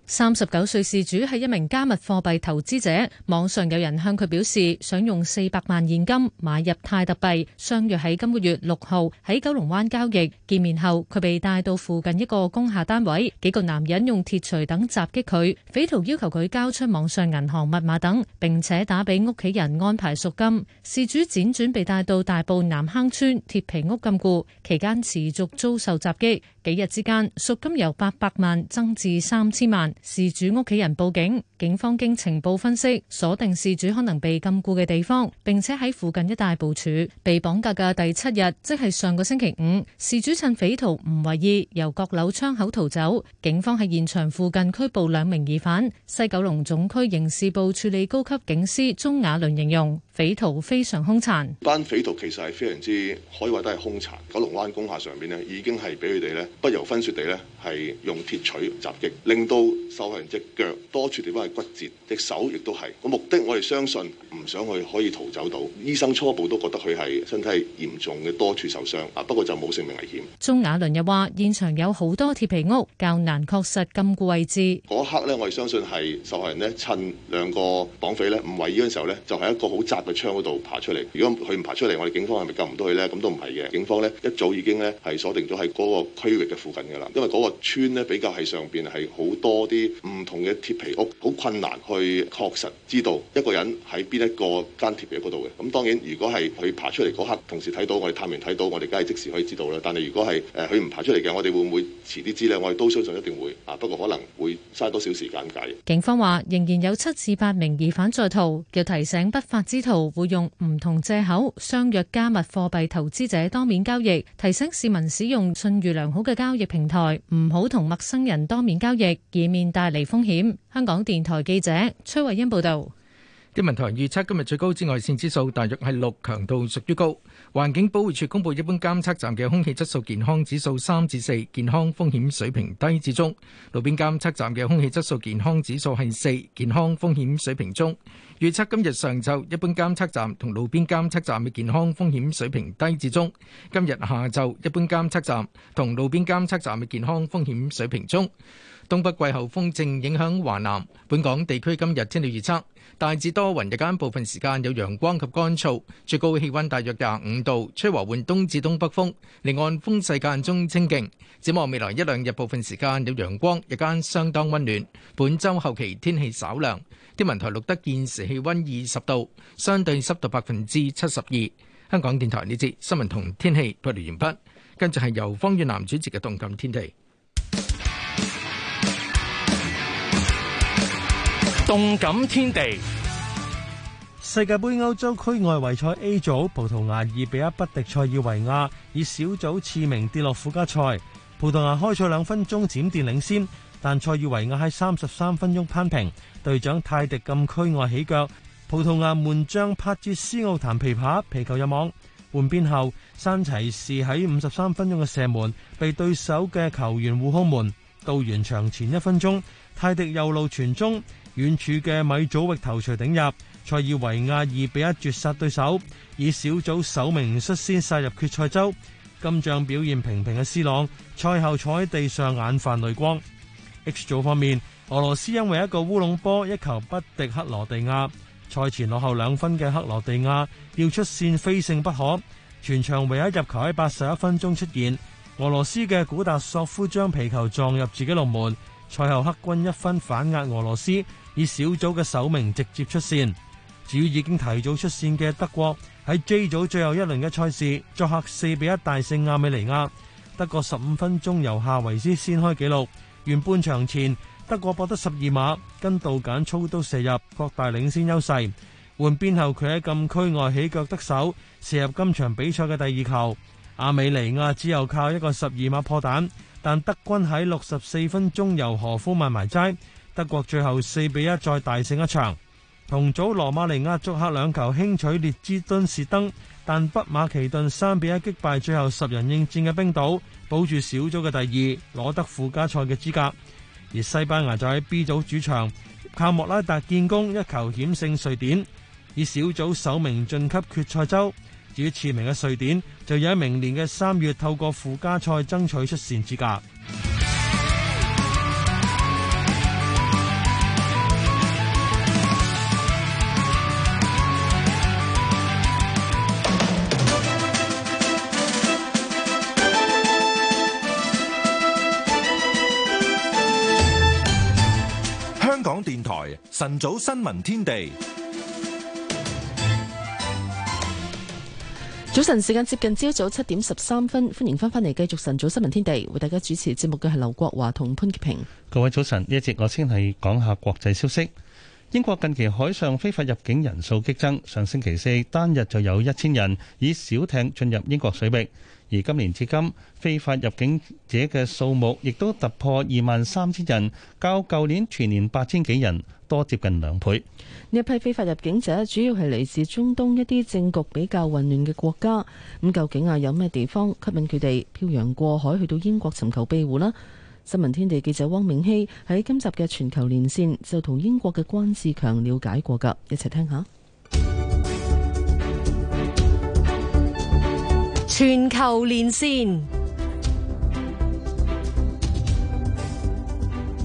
三十九歲事主係一名加密貨幣投資者，網上有人向佢表示想用四百萬現金買入泰特幣，相約喺今個月六號喺九龍灣交易。見面後，佢被帶到附近一個工廈單位，幾個男人用鐵錘等襲擊佢，匪徒要求佢交出網上銀行密碼等，並且打俾屋企人安排贖金。事主輾轉被帶到大埔南坑村鐵皮屋禁錮，期間持續遭受襲擊。幾日之間贖金由八百萬增至三千萬，事主屋企人報警，警方經情報分析鎖定事主可能被禁錮嘅地方，並且喺附近一帶部署。被綁架嘅第七日，即係上個星期五，事主趁匪徒唔為意，由閣樓窗口逃走。警方喺現場附近拘捕兩名疑犯。西九龍總區刑事部處理高級警司鍾雅倫形容。匪徒非常凶殘，班匪徒其實係非常之可以話得係凶殘。九龍灣工廈上面咧已經係俾佢哋咧不由分說地咧係用鐵錘襲擊，令到受害人隻腳多處地方係骨折，隻手亦都係個目的，我哋相信唔想佢可以逃走到。醫生初步都覺得佢係身體嚴重嘅多處受傷啊，不過就冇性命危險。鍾雅倫又話現場有好多鐵皮屋，較難確實禁錮位置。嗰一刻咧，我哋相信係受害人咧趁兩個綁匪咧唔為意嗰時候咧，就係、是、一個好窄。去窗嗰度爬出嚟。如果佢唔爬出嚟，我哋警方係咪救唔到佢咧？咁都唔係嘅。警方咧一早已經咧係鎖定咗喺嗰個區域嘅附近噶啦。因為嗰個村咧比較係上邊係好多啲唔同嘅鐵皮屋，好困難去確實知道一個人喺邊一個間鐵皮嗰度嘅。咁當然，如果係佢爬出嚟嗰刻，同時睇到我哋探員睇到，我哋梗係即時可以知道啦。但係如果係誒佢唔爬出嚟嘅，我哋會唔會遲啲知咧？我哋都相信一定會啊，不過可能會嘥多少時間計。警方話仍然有七至八名疑犯在逃，要提醒不法之徒。會用唔同借口相約加密貨幣投資者當面交易，提醒市民使用信譽良好嘅交易平台，唔好同陌生人當面交易，以免帶嚟風險。香港電台記者崔慧欣報道。天文台預測今日最高紫外線指數大約係六，強度屬於高。環境保護署公布一般監測站嘅空氣質素健康指數三至四，健康風險水平低至中；路邊監測站嘅空氣質素健康指數係四，健康風險水平中。預測今日上晝一般監測站同路邊監測站嘅健康風險水平低至中。今日下晝一般監測站同路邊監測站嘅健康風險水平中。東北季候風正影響華南，本港地區今日天氣預測。大致多雲，日間部分時間有陽光及乾燥，最高氣溫大約廿五度，吹和緩東至東北風，離岸風勢間中清勁。展望未來一兩日，部分時間有陽光，日間相當溫暖。本周後期天氣稍涼。天文台錄得現時氣溫二十度，相對濕度百分之七十二。香港電台呢節新聞同天氣報道完畢，跟住係由方遠南主持嘅《動感天地》。動感天地。世界盃歐洲區外圍賽 A 組，葡萄牙二比一不敵塞爾維亞，以小組次名跌落附加賽。葡萄牙開賽兩分鐘閃電領先，但塞爾維亞喺三十三分鐘攀平。隊長泰迪禁區外起腳，葡萄牙門將帕切斯奧彈琵琶皮球入網。換邊後，山齊士喺五十三分鐘嘅射門被對手嘅球員護空門。到完場前一分鐘，泰迪右路傳中。遠處嘅米祖域頭錘頂入，塞爾維亞二比一絕殺對手，以小組首名率先殺入決賽周。今仗表現平平嘅 C 朗賽後坐喺地上眼泛淚光。H 組方面，俄羅斯因為一個烏龍波一球不敵克羅地亞，賽前落後兩分嘅克羅地亞要出線非勝不可。全場唯一入球喺八十一分鐘出現，俄羅斯嘅古達索夫將皮球撞入自己龍門。賽後黑軍一分反壓俄羅斯。以小組嘅首名直接出線。至於已經提早出線嘅德國，喺 J 組最後一輪嘅賽事作客四比一大勝亞美尼亞。德國十五分鐘由夏維斯先開紀錄，完半場前德國博得十二碼，根度簡操刀射入，擴大領先優勢。換邊後佢喺禁區外起腳得手，射入今場比賽嘅第二球。亞美尼亞只有靠一個十二碼破蛋，但德軍喺六十四分鐘由何夫曼埋齋。德國最後四比一再大勝一場，同組羅馬尼亞作客兩球輕取列支敦士登，但北馬其頓三比一擊敗最後十人應戰嘅冰島，保住小組嘅第二，攞得附加賽嘅資格。而西班牙就喺 B 組主場靠莫拉達建功一球險勝瑞典，以小組首名晉級決賽週。至於次名嘅瑞典，就喺明年嘅三月透過附加賽爭取出線資格。晨早新聞天地。早晨，時間接近朝早七點十三分，歡迎翻返嚟繼續晨早新聞天地。為大家主持節目嘅係劉國華同潘潔平。各位早晨，呢一節我先係講下國際消息。英國近期海上非法入境人數激增，上星期四單日就有一千人以小艇進入英國水域，而今年至今非法入境者嘅數目亦都突破二萬三千人，較舊年全年八千幾人，多接近兩倍。呢一批非法入境者主要係嚟自中東一啲政局比較混亂嘅國家。咁究竟啊有咩地方吸引佢哋漂洋過海去到英國尋求庇護啦？新聞天地記者汪明熙喺今集嘅全球連線就同英國嘅關志強了解過㗎，一齊聽下。全球連線。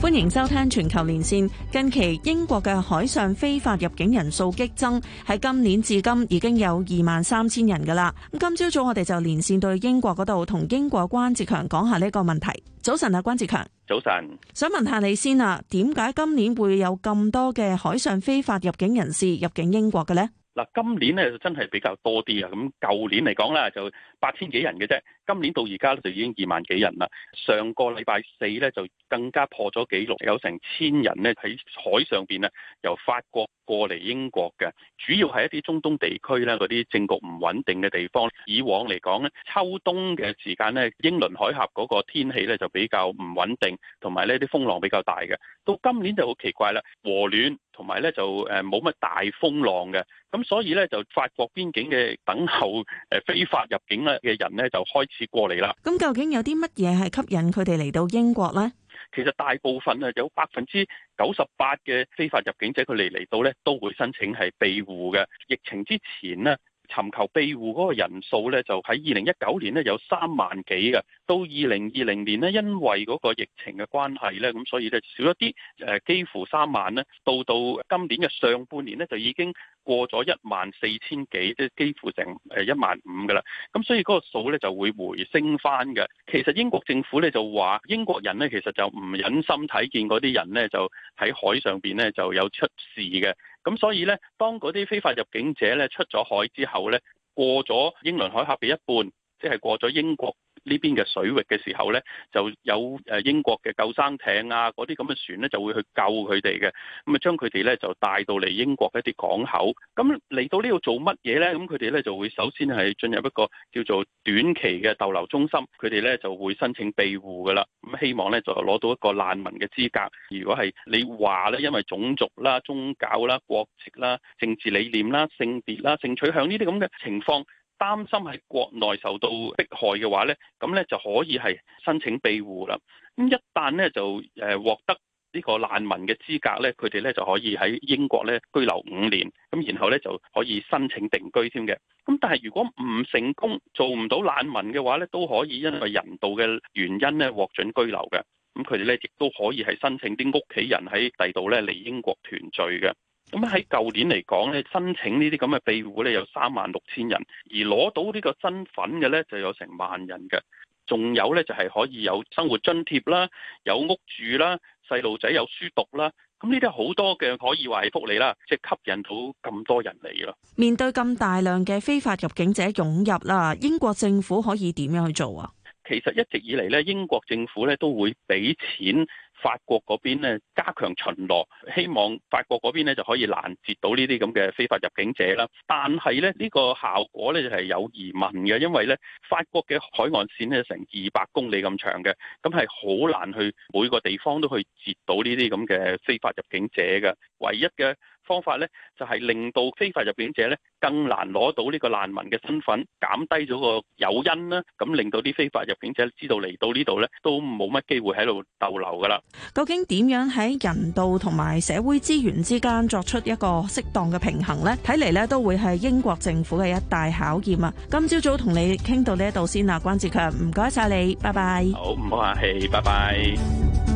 歡迎收聽全球連線。近期英國嘅海上非法入境人數激增，喺今年至今已經有二萬三千人㗎喇。咁今朝早我哋就連線對英國嗰度同英國關志強講下呢一個問題。早晨啊，關志強，早晨。想問下你先啊，點解今年會有咁多嘅海上非法入境人士入境英國嘅呢？嗱，今年咧就真係比較多啲啊！咁舊年嚟講咧就八千幾人嘅啫，今年到而家咧就已經二萬幾人啦。上個禮拜四咧就更加破咗紀錄，有成千人咧喺海上邊咧，由法國過嚟英國嘅，主要係一啲中東地區咧嗰啲政局唔穩定嘅地方。以往嚟講咧，秋冬嘅時間咧，英倫海峽嗰個天氣咧就比較唔穩定，同埋呢啲風浪比較大嘅。到今年就好奇怪啦，和暖。同埋咧就誒冇乜大風浪嘅，咁所以咧就法國邊境嘅等候誒非法入境咧嘅人咧就開始過嚟啦。咁究竟有啲乜嘢係吸引佢哋嚟到英國咧？其實大部分啊有百分之九十八嘅非法入境者，佢哋嚟到咧都會申請係庇護嘅。疫情之前咧，尋求庇護嗰個人數咧，就喺二零一九年咧有三萬幾嘅，到二零二零年咧，因為嗰個疫情嘅關係咧，咁所以咧少一啲，誒幾乎三萬咧，到到今年嘅上半年咧就已經。過咗一萬四千幾，即係幾乎成誒一萬五嘅啦。咁所以嗰個數咧就會回升翻嘅。其實英國政府咧就話英國人咧其實就唔忍心睇見嗰啲人咧就喺海上邊咧就有出事嘅。咁所以咧，當嗰啲非法入境者咧出咗海之後咧，過咗英倫海峽嘅一半，即係過咗英國呢邊嘅水域嘅時候呢，就有誒英國嘅救生艇啊，嗰啲咁嘅船呢，就會去救佢哋嘅，咁啊將佢哋呢，就帶到嚟英國一啲港口。咁嚟到呢度做乜嘢呢？咁佢哋呢，就會首先係進入一個叫做短期嘅逗留中心，佢哋呢，就會申請庇護㗎喇。咁希望呢，就攞到一個難民嘅資格。如果係你話呢，因為種族啦、宗教啦、國籍啦、政治理念啦、性別啦、性取向呢啲咁嘅情況。擔心喺國內受到迫害嘅話呢，咁呢就可以係申請庇護啦。咁一旦呢就誒獲得呢個難民嘅資格呢，佢哋呢就可以喺英國呢居留五年，咁然後呢就可以申請定居添嘅。咁但係如果唔成功，做唔到難民嘅話呢，都可以因為人道嘅原因呢獲准居留嘅。咁佢哋呢亦都可以係申請啲屋企人喺第度呢嚟英國團聚嘅。咁喺舊年嚟講咧，申請呢啲咁嘅庇護咧有三萬六千人，而攞到呢個身份嘅咧就有成萬人嘅，仲有咧就係可以有生活津貼啦，有屋住啦，細路仔有書讀啦，咁呢啲好多嘅可以話係福利啦，即係吸引到咁多人嚟咯。面對咁大量嘅非法入境者湧入啦，英國政府可以點樣去做啊？其實一直以嚟咧，英國政府咧都會俾錢。法國嗰邊咧加強巡邏，希望法國嗰邊咧就可以攔截到呢啲咁嘅非法入境者啦。但係咧呢個效果咧就係有疑問嘅，因為咧法國嘅海岸線咧成二百公里咁長嘅，咁係好難去每個地方都去截到呢啲咁嘅非法入境者嘅。唯一嘅方法咧就係令到非法入境者咧更難攞到呢個難民嘅身份，減低咗個誘因啦。咁令到啲非法入境者知道嚟到呢度咧都冇乜機會喺度逗留噶啦。究竟點樣喺人道同埋社會資源之間作出一個適當嘅平衡咧？睇嚟咧都會係英國政府嘅一大考驗啊！今朝早同你傾到呢一度先喇，關志強，唔該晒你，拜拜。好，唔好客氣，拜拜。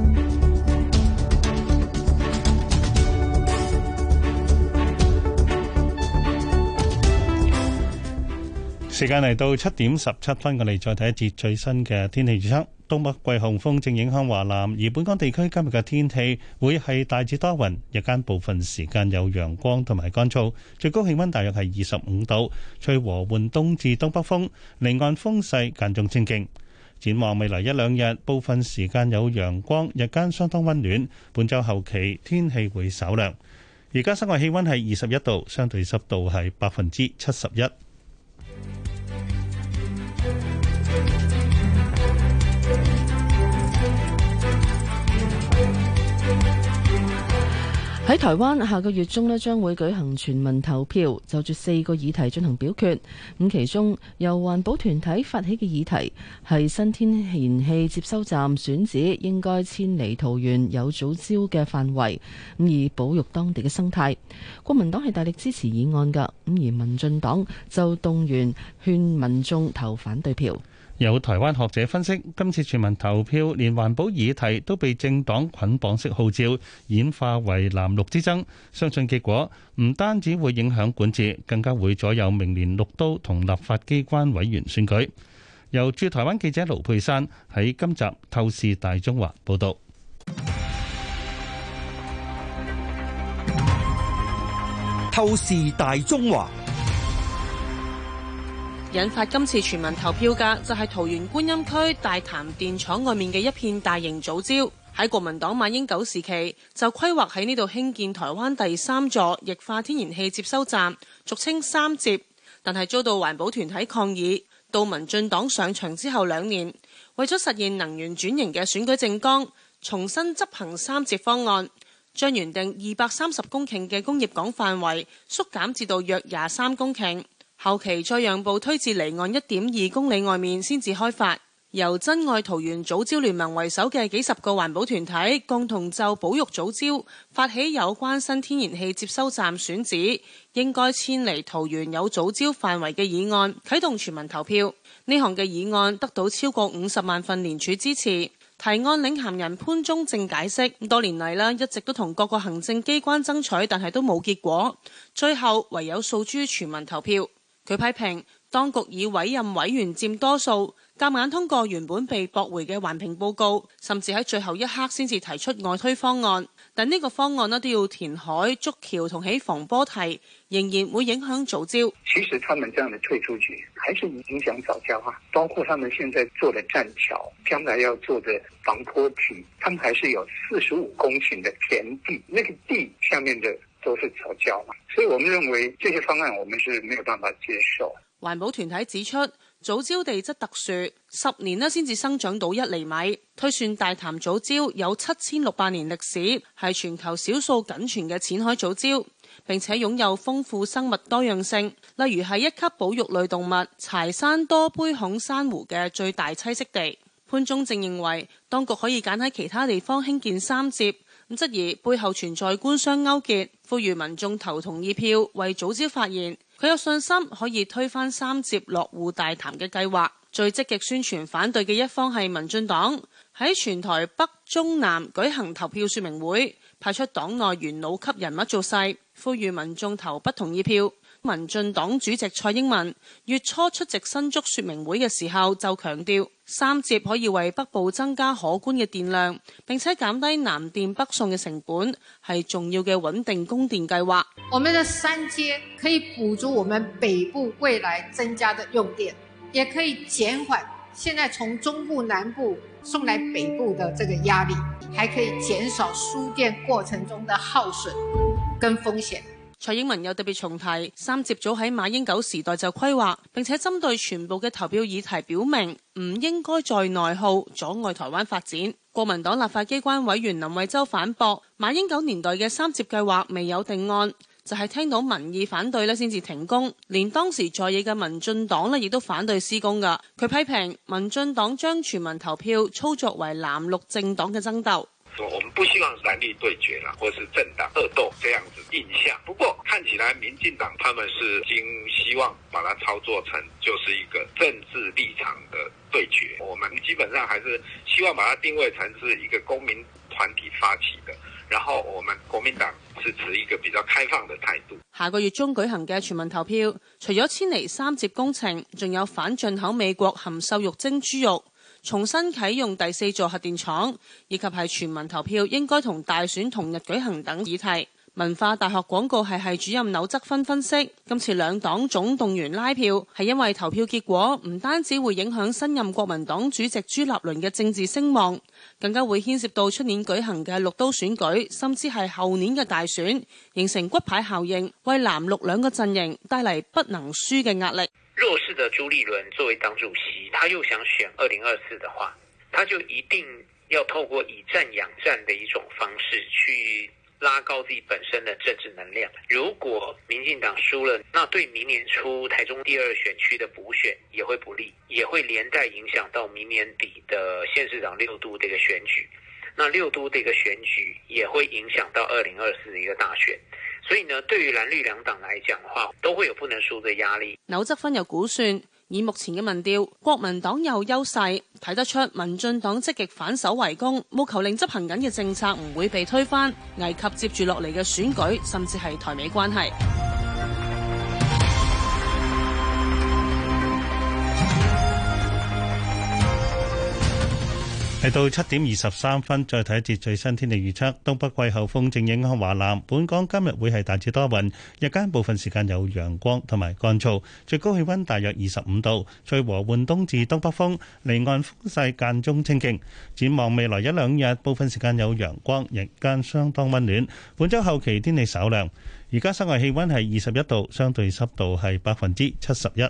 時間嚟到七點十七分，我哋再睇一節最新嘅天氣預測。東北季候風正影響華南，而本港地區今日嘅天氣會係大致多雲，日間部分時間有陽光同埋乾燥，最高氣溫大約係二十五度，吹和緩東至東北風，離岸風勢間中清勁。展望未來一兩日，部分時間有陽光，日間相當溫暖。本周後期天氣會稍涼。而家室外氣溫係二十一度，相對濕度係百分之七十一。喺台灣下個月中咧將會舉行全民投票，就住四個議題進行表決。咁其中由環保團體發起嘅議題係新天然氣接收站選址應該遷離桃園有藻礁嘅範圍，咁以保育當地嘅生態。國民黨係大力支持議案噶，咁而民進黨就動員勸民眾投反對票。有台灣學者分析，今次全民投票，連環保議題都被政黨捆綁式號召，演化為藍綠之爭。相信結果唔單止會影響管治，更加會左右明年六都同立法機關委員選舉。由駐台灣記者盧佩山喺今集《透視大中華》報道，《透視大中華》。引發今次全民投票嘅就係、是、桃園觀音區大潭電廠外面嘅一片大型藻礁。喺國民黨馬英九時期就規劃喺呢度興建台灣第三座液化天然氣接收站，俗稱三接，但係遭到環保團體抗議。到民進黨上場之後兩年，為咗實現能源轉型嘅選舉政綱，重新執行三接方案，將原定二百三十公頃嘅工業港範圍縮減至到約廿三公頃。後期再讓步，推至離岸一點二公里外面先至開發。由珍愛桃園藻礁聯盟為首嘅幾十個環保團體共同就保育藻礁發起有關新天然氣接收站選址應該遷離桃園有藻礁範圍嘅議案，啟動全民投票。呢項嘅議案得到超過五十萬份聯署支持。提案領銜人潘忠政解釋，多年嚟啦，一直都同各個行政機關爭取，但係都冇結果，最後唯有訴諸全民投票。佢批評當局以委任委員佔多數，夾硬硬通過原本被駁回嘅環評報告，甚至喺最後一刻先至提出外推方案。但呢個方案呢都要填海、築橋同起防波堤，仍然會影響造礁。其實他們這樣的退出去，還是影響造礁啊！包括他們現在做的棧橋，將來要做的防波堤，他們還是有四十五公頃的田地，那個地下面的。都是藻礁嘛，所以我們認為這些方案我們是沒有辦法接受。環保團體指出，藻礁地質特殊，十年呢先至生長到一厘米。推算大潭藻礁有七千六百年歷史，係全球少數僅存嘅淺海藻礁，並且擁有豐富生物多樣性，例如係一級保育類動物柴山多杯孔珊瑚嘅最大棲息地。潘宗正認為，當局可以揀喺其他地方興建三接。咁質疑背後存在官商勾結，呼籲民眾投同意票，為早朝發言。佢有信心可以推翻三接落戶大潭嘅計劃。最積極宣傳反對嘅一方係民進黨，喺全台北中南舉行投票說明會，派出黨內元老級人物造勢，呼籲民眾投不同意票。民進黨主席蔡英文月初出席新竹說明會嘅時候就強調。三接可以為北部增加可觀嘅電量，並且減低南電北送嘅成本，係重要嘅穩定供電計劃。我們的三接可以補足我們北部未來增加的用電，也可以減緩現在從中部南部送來北部的這個壓力，還可以減少輸電過程中的耗損跟風險。蔡英文又特別重提三接早喺馬英九時代就規劃，並且針對全部嘅投票議題表明，唔應該在內耗，阻礙台灣發展。國民黨立法機關委員林慧州反駁馬英九年代嘅三接計劃未有定案，就係聽到民意反對咧先至停工。連當時在野嘅民進黨咧亦都反對施工噶。佢批評民進黨將全民投票操作為藍綠政黨嘅爭鬥。我們不希望三力對決啦，或是政黨惡鬥這樣子印象。不過看起來民進黨他們是經希望把它操作成就是一個政治立場的對決。我們基本上還是希望把它定位成是一個公民團體發起的。然後我們國民黨是持一個比較開放的態度。下個月中舉行嘅全民投票，除咗遷離三接工程，仲有反進口美國含瘦肉精豬肉。重新啟用第四座核電廠，以及係全民投票應該同大選同日舉行等議題。文化大學廣告系系主任柳則芬分析，今次兩黨總動員拉票，係因為投票結果唔單止會影響新任國民黨主席朱立倫嘅政治聲望，更加會牽涉到出年舉行嘅六都選舉，甚至係後年嘅大選，形成骨牌效應，為藍綠兩個陣營帶嚟不能輸嘅壓力。弱勢的朱立倫作為黨主席，他又想選二零二四的話，他就一定要透過以戰養戰的一種方式去拉高自己本身的政治能量。如果民進黨輸了，那對明年初台中第二選區的補選也會不利，也會連帶影響到明年底的縣市長六都這個選舉。那六都這個選舉也會影響到二零二四的一個大選。所以呢，對於藍綠兩黨嚟講話，都會有不能輸嘅壓力。紐澤芬有估算，以目前嘅民調，國民黨有優勢，睇得出民進黨積極反守為攻，務求令執行緊嘅政策唔會被推翻，危及接住落嚟嘅選舉，甚至係台美關係。嚟到七點二十三分，再睇一節最新天氣預測。東北季候風正影響華南，本港今日會係大致多雲，日間部分時間有陽光同埋乾燥，最高氣温大約二十五度。吹和緩東至東北風，離岸風勢間中清勁。展望未來一兩日，部分時間有陽光，日間相當温暖。本周後期天氣稍涼。而家室外氣温係二十一度，相對濕度係百分之七十一。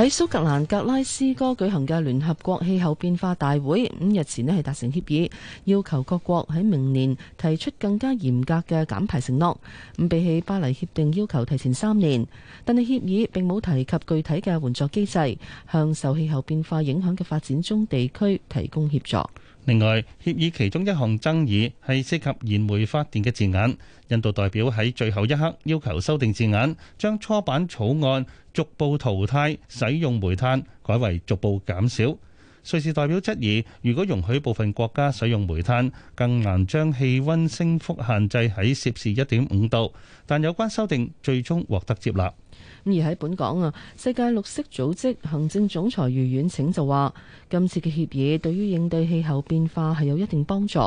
喺蘇格蘭格拉斯哥舉行嘅聯合國氣候變化大會，五日前呢係達成協議，要求各國喺明年提出更加嚴格嘅減排承諾。咁比起巴黎協定要求提前三年，但係協議並冇提及具體嘅援助機制，向受氣候變化影響嘅發展中地區提供協助。另外，協議其中一項爭議係涉及燃煤發電嘅字眼，印度代表喺最後一刻要求修訂字眼，將初版草案逐步淘汰使用煤炭，改為逐步減少。瑞士代表質疑，如果容許部分國家使用煤炭，更難將氣温升幅限制喺攝氏一點五度。但有關修訂最終獲得接納。而喺本港啊，世界綠色組織行政總裁余遠晴就話今次嘅協議對於應對氣候變化係有一定幫助。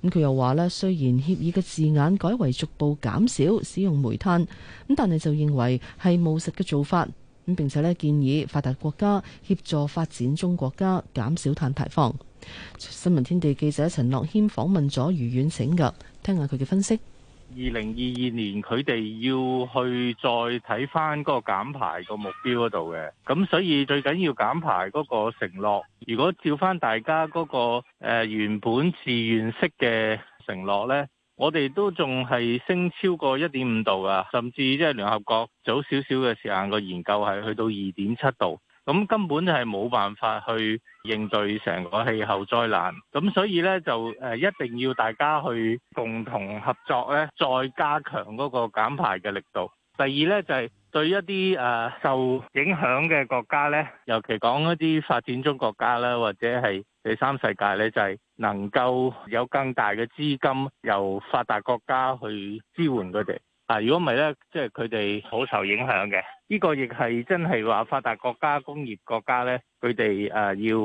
咁佢又話咧，雖然協議嘅字眼改為逐步減少使用煤炭，咁但係就認為係務實嘅做法。咁並且咧建議發達國家協助發展中國家減少碳排放。新聞天地記者陳樂謙訪問咗余遠晴噶，聽下佢嘅分析。二零二二年佢哋要去再睇翻嗰個減排個目標嗰度嘅，咁所以最緊要減排嗰個承諾。如果照翻大家嗰、嗰個誒、呃、原本自願式嘅承諾咧，我哋都仲係升超過一點五度啊，甚至即係聯合國早少少嘅時間個研究係去到二點七度。咁根本係冇辦法去應對成個氣候災難，咁所以呢，就誒一定要大家去共同合作，呢再加強嗰個減排嘅力度。第二呢，就係、是、對一啲誒、呃、受影響嘅國家，呢尤其講一啲發展中國家啦，或者係第三世界呢，就係、是、能夠有更大嘅資金由發達國家去支援佢哋。啊！如果唔係咧，即係佢哋好受影響嘅。呢個亦係真係話發達國家工業國家咧，佢哋誒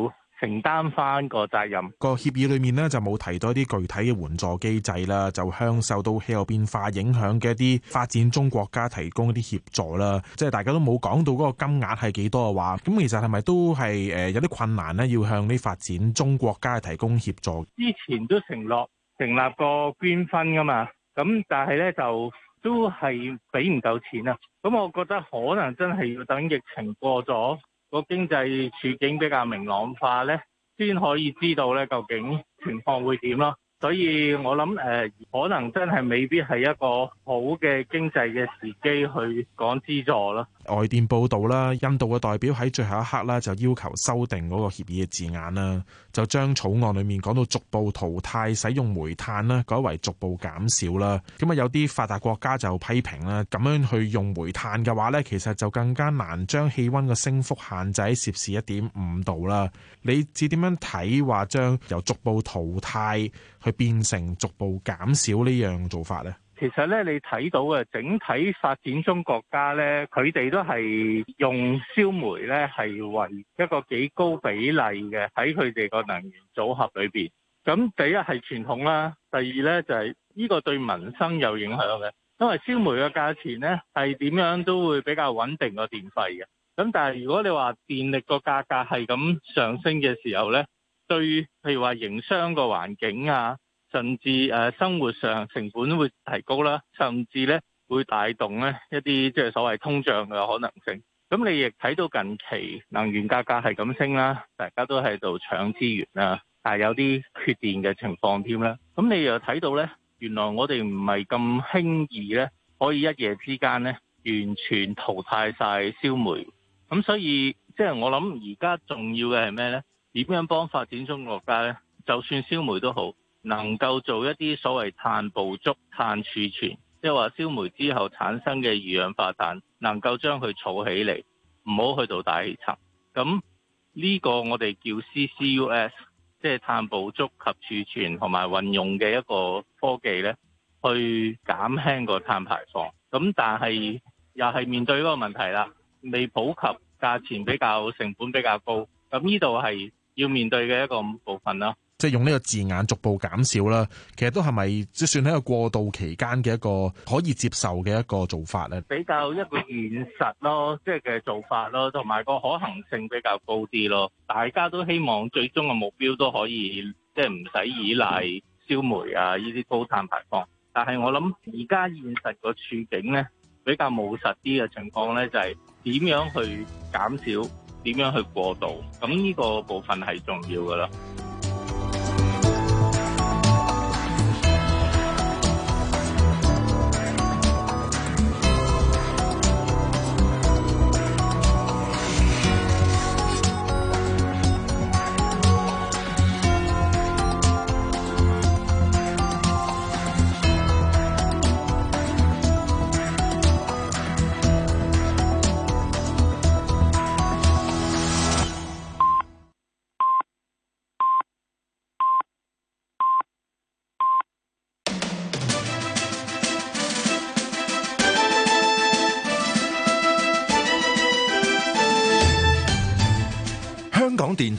要承擔翻個責任。個協議裏面咧就冇提到一啲具體嘅援助機制啦，就向受到氣候變化影響嘅一啲發展中國家提供一啲協助啦。即係大家都冇講到嗰個金額係幾多嘅話，咁其實，係咪都係誒有啲困難咧，要向啲發展中國家提供協助？之前都承諾成立個捐分噶嘛，咁但係咧就。都係俾唔夠錢啊！咁我覺得可能真係要等疫情過咗，個經濟處境比較明朗化呢，先可以知道呢究竟情況會點咯。所以我諗誒、呃，可能真係未必係一個好嘅經濟嘅時機去講資助咯。外電報道啦，印度嘅代表喺最後一刻啦，就要求修訂嗰個協議嘅字眼啦，就將草案裏面講到逐步淘汰使用煤炭啦，改為逐步減少啦。咁啊，有啲發達國家就批評啦，咁樣去用煤炭嘅話咧，其實就更加難將氣溫嘅升幅限制喺攝氏一點五度啦。你至點樣睇話將由逐步淘汰去變成逐步減少呢樣做法咧？其實咧，你睇到嘅整體發展中國家咧，佢哋都係用燒煤咧，係為一個幾高比例嘅喺佢哋個能源組合裏邊。咁第一係傳統啦、啊，第二咧就係呢個對民生有影響嘅，因為燒煤嘅價錢咧係點樣都會比較穩定個電費嘅。咁但係如果你話電力個價格係咁上升嘅時候咧，對譬如話營商個環境啊。甚至誒生活上成本會提高啦，甚至咧會帶動咧一啲即係所謂通脹嘅可能性。咁你亦睇到近期能源價格係咁升啦，大家都喺度搶資源啦，但係有啲缺電嘅情況添啦。咁你又睇到咧，原來我哋唔係咁輕易咧，可以一夜之間咧完全淘汰晒燒煤。咁所以即係、就是、我諗而家重要嘅係咩咧？點樣幫發展中國家咧？就算燒煤都好。能夠做一啲所謂碳捕捉、碳儲存，即係話燒煤之後產生嘅二氧化碳，能夠將佢儲起嚟，唔好去到大氣層。咁呢個我哋叫 CCUS，即係碳捕捉及儲存同埋運用嘅一個科技呢，去減輕個碳排放。咁但係又係面對嗰個問題啦，未普及，價錢比較成本比較高。咁呢度係要面對嘅一個部分咯。即係用呢個字眼逐步減少啦，其實都係咪即算係一個過渡期間嘅一個可以接受嘅一個做法咧？比較一個現實咯，即係嘅做法咯，同埋個可行性比較高啲咯。大家都希望最終嘅目標都可以即係唔使依賴燒煤啊呢啲高碳排放。但係我諗而家現實個處境咧比較務實啲嘅情況咧，就係點樣去減少，點樣去過渡，咁呢個部分係重要嘅咯。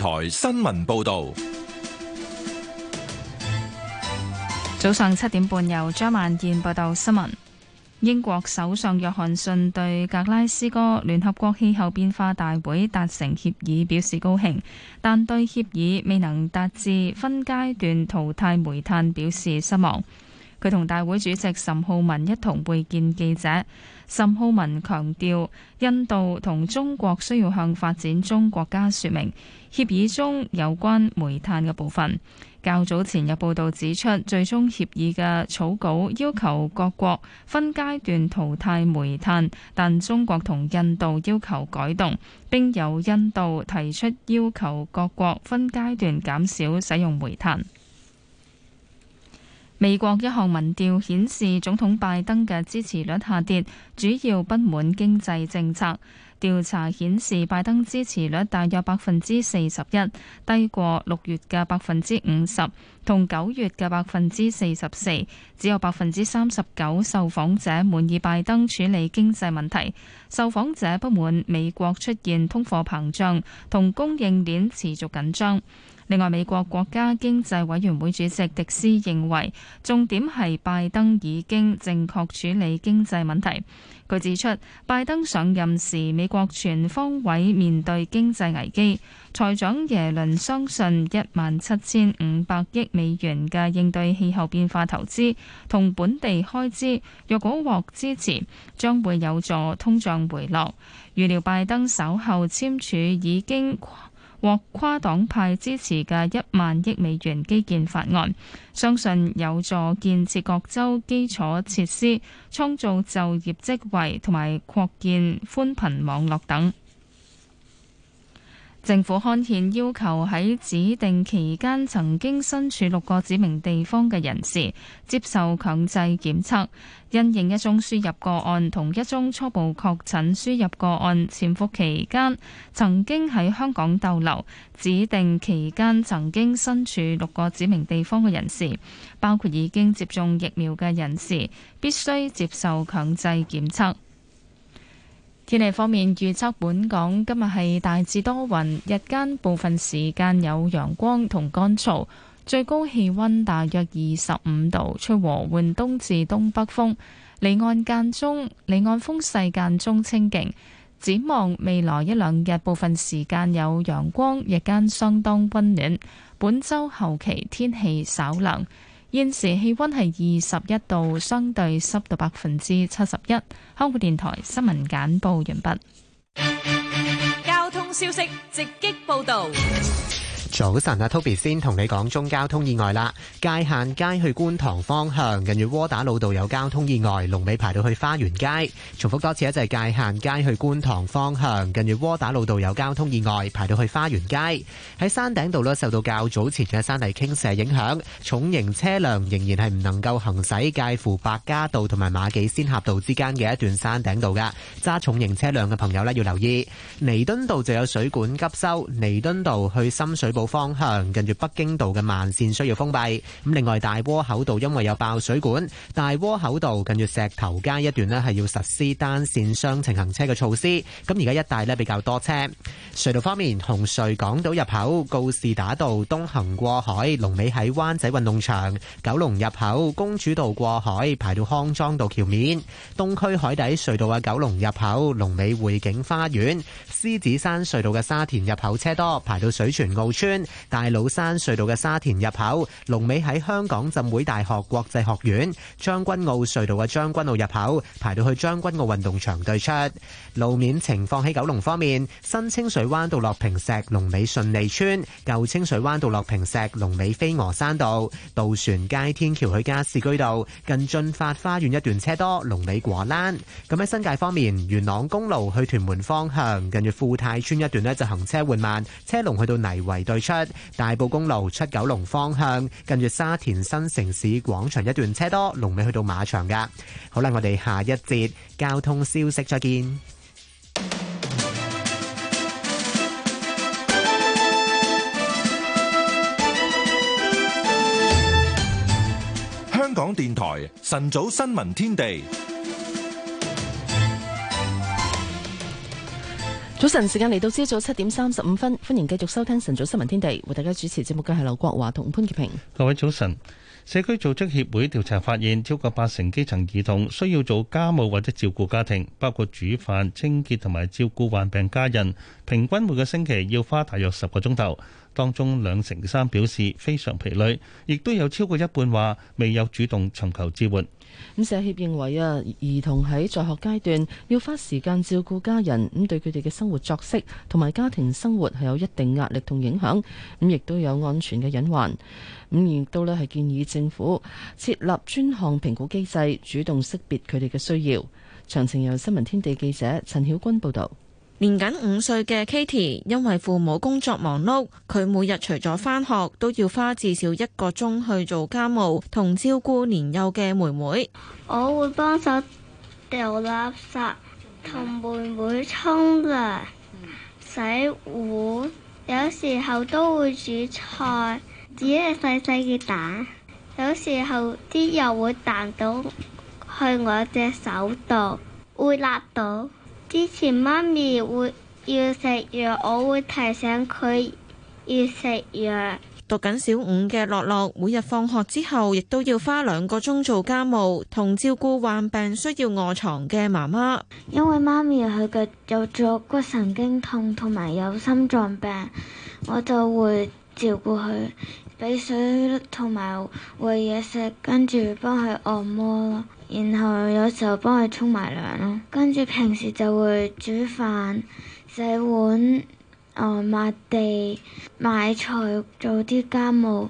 台新聞報道，早上七點半由張曼燕報道新聞。英國首相約翰遜對格拉斯哥聯合國氣候變化大會達成協議表示高興，但對協議未能達至分階段淘汰煤炭表示失望。佢同大會主席岑浩文一同會見記者。沈浩文強調，印度同中國需要向發展中國家説明協議中有關煤炭嘅部分。較早前有報道指出，最終協議嘅草稿要求各國分階段淘汰煤炭，但中國同印度要求改動，並有印度提出要求各國分階段減少使用煤炭。美國一項民調顯示，總統拜登嘅支持率下跌，主要不滿經濟政策。調查顯示，拜登支持率大約百分之四十一，低過六月嘅百分之五十，同九月嘅百分之四十四。只有百分之三十九受訪者滿意拜登處理經濟問題。受訪者不滿美國出現通貨膨脹，同供應鏈持續緊張。另外，美國國家經濟委員會主席迪斯認為重點係拜登已經正確處理經濟問題，佢指出，拜登上任時美國全方位面對經濟危機，財長耶倫相信，一萬七千五百億美元嘅應對氣候變化投資同本地開支，若果獲支持，將會有助通脹回落。預料拜登稍後簽署已經。獲跨黨派支持嘅一萬億美元基建法案，相信有助建設各州基礎設施、創造就業職位同埋擴建寬頻網絡等。政府刊憲要求喺指定期間曾經身處六個指明地方嘅人士接受強制檢測，因應一宗輸入個案同一宗初步確診輸入個案潛伏期間曾經喺香港逗留，指定期間曾經身處六個指明地方嘅人士，包括已經接種疫苗嘅人士，必須接受強制檢測。天氣方面預測，本港今日係大致多雲，日間部分時間有陽光同乾燥，最高氣溫大約二十五度，吹和緩東至東北風，離岸間中離岸風勢間中清勁。展望未來一兩日，部分時間有陽光，日間相當溫暖。本周後期天氣稍冷。現時氣溫係二十一度，相對濕度百分之七十一。香港電台新聞簡報完畢。交通消息直擊報導。早晨，阿 Toby 先同你講中交通意外啦。界限街去觀塘方向，近住窩打老道有交通意外，龍尾排到去花園街。重複多次，一就係、是、界限街去觀塘方向，近住窩打老道有交通意外，排到去花園街。喺山頂道咧，受到較早前嘅山泥傾瀉影響，重型車輛仍然係唔能夠行駛介乎白加道同埋馬紀仙峽道之間嘅一段山頂道噶，揸重型車輛嘅朋友咧要留意。彌敦道就有水管急修，彌敦道去深水埗方向近住北京道嘅慢線需要封閉。咁另外大窩口道因為有爆水管，大窩口道近住石頭街一段咧係要實施單線雙程行車嘅措施。咁而家一帶咧比較多車。隧道方面，紅隧港島入口、告士打道、東行過海、龍尾喺灣仔運動場；九龍入口、公主道過海排到康莊道橋面；東區海底隧道嘅九龍入口、龍尾匯景花園；獅子山隧道嘅沙田入口車多排到水泉澳村。大老山隧道嘅沙田入口，龍尾喺香港浸會大學國際學院。將軍澳隧道嘅將軍澳入口，排到去將軍澳運動場對出。路面情況，喺九龍方面，新清水灣道落坪石龍尾順利村，舊清水灣道落坪石龍尾飛鵝山道渡船街天橋，去加士居道近進發花園一段車多，龍尾果欄。咁喺新界方面，元朗公路去屯門方向近住富泰村一段呢，就行車緩慢，車龍去到泥圍對出。大埔公路出九龍方向近住沙田新城市廣場一段車多，龍尾去到馬場噶。好啦，我哋下一節交通消息，再見。港電台晨早新聞天地，早晨時間嚟到朝早七點三十五分，歡迎繼續收聽晨早新聞天地，為大家主持節目嘅係劉國華同潘潔平。各位早晨，社區組織協會調查發現，超過八成基層兒童需要做家務或者照顧家庭，包括煮飯、清潔同埋照顧患病家人，平均每個星期要花大約十個鐘頭。當中兩成三表示非常疲累，亦都有超過一半話未有主動尋求支援。咁社協認為啊，兒童喺在，在學階段要花時間照顧家人，咁對佢哋嘅生活作息同埋家庭生活係有一定壓力同影響，咁亦都有安全嘅隱患。咁亦都呢係建議政府設立專項評估機制，主動識別佢哋嘅需要。詳情由新聞天地記者陳曉君報道。年僅五歲嘅 Katie 因為父母工作忙碌，佢每日除咗返學，都要花至少一個鐘去做家務同照顧年幼嘅妹妹。我會幫手掉垃圾，同妹妹沖涼、洗碗，有時候都會煮菜。煮一隻細細嘅蛋，有時候啲油會彈到去我隻手度，會辣到。之前媽咪會要食藥，我會提醒佢要食藥。讀緊小五嘅樂樂，每日放學之後亦都要花兩個鐘做家務同照顧患病需要臥床嘅媽媽。因為媽咪佢嘅有坐骨神經痛同埋有，有心臟病，我就會照顧佢，俾水同埋餵嘢食，跟住幫佢按摩啦。然後，有時候幫佢沖埋涼咯，跟住平時就會煮飯、洗碗、哦、抹地、買菜、做啲家務。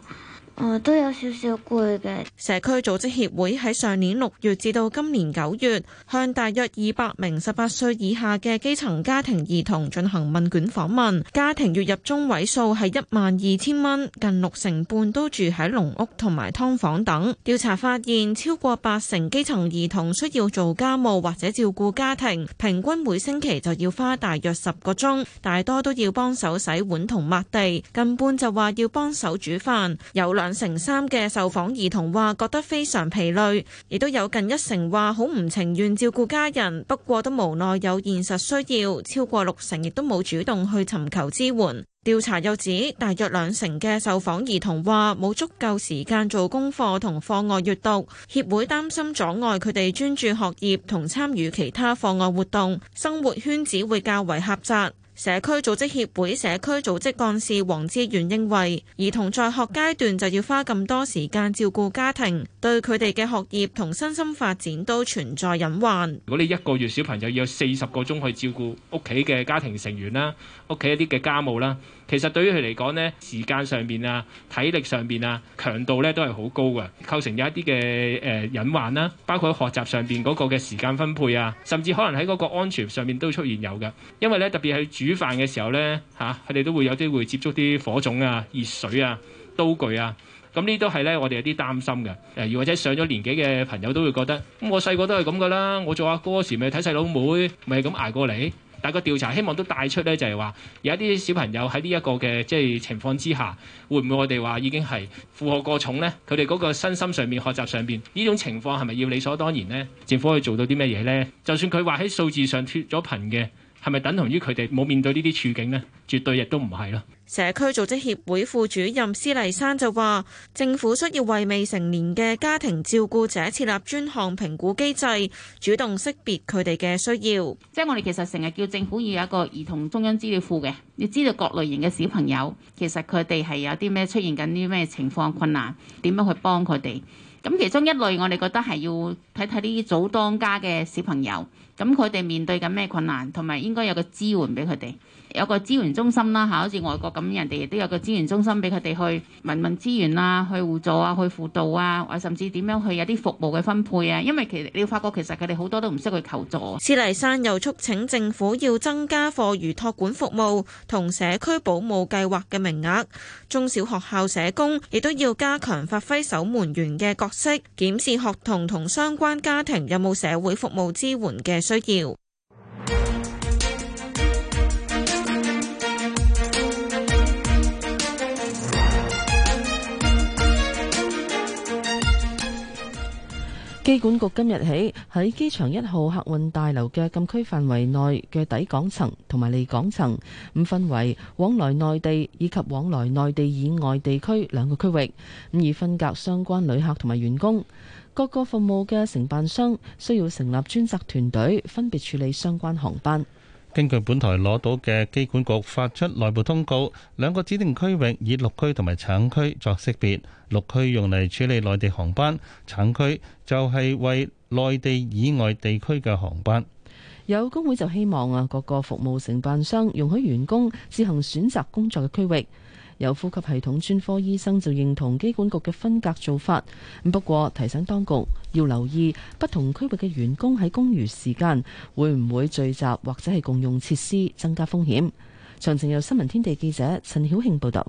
都有少少攰嘅。社區組織協會喺上年六月至到今年九月，向大約二百名十八歲以下嘅基層家庭兒童進行問卷訪問。家庭月入中位數係一萬二千蚊，近六成半都住喺籠屋同埋劏房等。調查發現，超過八成基層兒童需要做家務或者照顧家庭，平均每星期就要花大約十個鐘，大多都要幫手洗碗同抹地，近半就話要幫手煮飯，有兩。兩成三嘅受訪兒童話覺得非常疲累，亦都有近一成話好唔情願照顧家人，不過都無奈有現實需要。超過六成亦都冇主動去尋求支援。調查又指，大約兩成嘅受訪兒童話冇足夠時間做功課同課外閱讀，協會擔心阻礙佢哋專注學業同參與其他課外活動，生活圈子會較為狹窄。社區組織協會社區組織幹事黃志源認為，兒童在學階段就要花咁多時間照顧家庭，對佢哋嘅學業同身心發展都存在隱患。如果你一個月小朋友要有四十個鐘去照顧屋企嘅家庭成員啦，屋企一啲嘅家務啦。其實對於佢嚟講咧，時間上邊啊、體力上邊啊、強度咧都係好高嘅，構成有一啲嘅誒隱患啦。包括學習上邊嗰個嘅時間分配啊，甚至可能喺嗰個安全上面都出現有嘅。因為咧特別係煮飯嘅時候咧，嚇佢哋都會有啲會接觸啲火種啊、熱水啊、刀具啊，咁呢都係咧我哋有啲擔心嘅。誒、呃，而或者上咗年紀嘅朋友都會覺得，咁我細個都係咁噶啦，我做阿哥時咪睇細佬妹，咪咁捱過嚟。但個調查希望都帶出咧，就係話有一啲小朋友喺呢一個嘅即係情況之下，會唔會我哋話已經係負荷過重咧？佢哋嗰個身心上面、學習上面呢種情況係咪要理所當然咧？政府可以做到啲咩嘢咧？就算佢話喺數字上脫咗貧嘅。係咪等同於佢哋冇面對呢啲處境呢？絕對亦都唔係咯。社區組織協會副主任施麗珊就話，政府需要為未成年嘅家庭照顧者設立專項評估機制，主動識別佢哋嘅需要。即係我哋其實成日叫政府要有一個兒童中央資料庫嘅，要知道各類型嘅小朋友其實佢哋係有啲咩出現緊啲咩情況困難，點樣去幫佢哋。咁其中一類我哋覺得係要睇睇呢啲早當家嘅小朋友。咁佢哋面對緊咩困難，同埋應該有個支援畀佢哋。有個資源中心啦吓，好似外國咁，人哋亦都有個資源中心俾佢哋去問問資源啊，去互助啊，去輔導啊，甚至點樣去有啲服務嘅分配啊。因為其實你發覺其實佢哋好多都唔識去求助。施麗珊又促請政府要增加課餘托管服務同社區保姆計劃嘅名額，中小學校社工亦都要加強發揮守門員嘅角色，檢視學童同相關家庭有冇社會服務支援嘅需要。機管局今日起喺機場一號客運大樓嘅禁區範圍內嘅抵港層同埋離港層，咁分為往來內地以及往來內地以外地區兩個區域，咁而分隔相關旅客同埋員工。各個服務嘅承辦商需要成立專責團隊，分別處理相關航班。根據本台攞到嘅機管局發出內部通告，兩個指定區域以陸區同埋橙區作識別，陸區用嚟處理內地航班，橙區就係為內地以外地區嘅航班。有工會就希望啊，各個服務承辦商容許員工自行選擇工作嘅區域。有呼吸系統專科醫生就認同機管局嘅分隔做法，不過提醒當局，要留意不同區域嘅員工喺公餘時間會唔會聚集或者係共用設施，增加風險。詳情由新聞天地記者陳曉慶報導。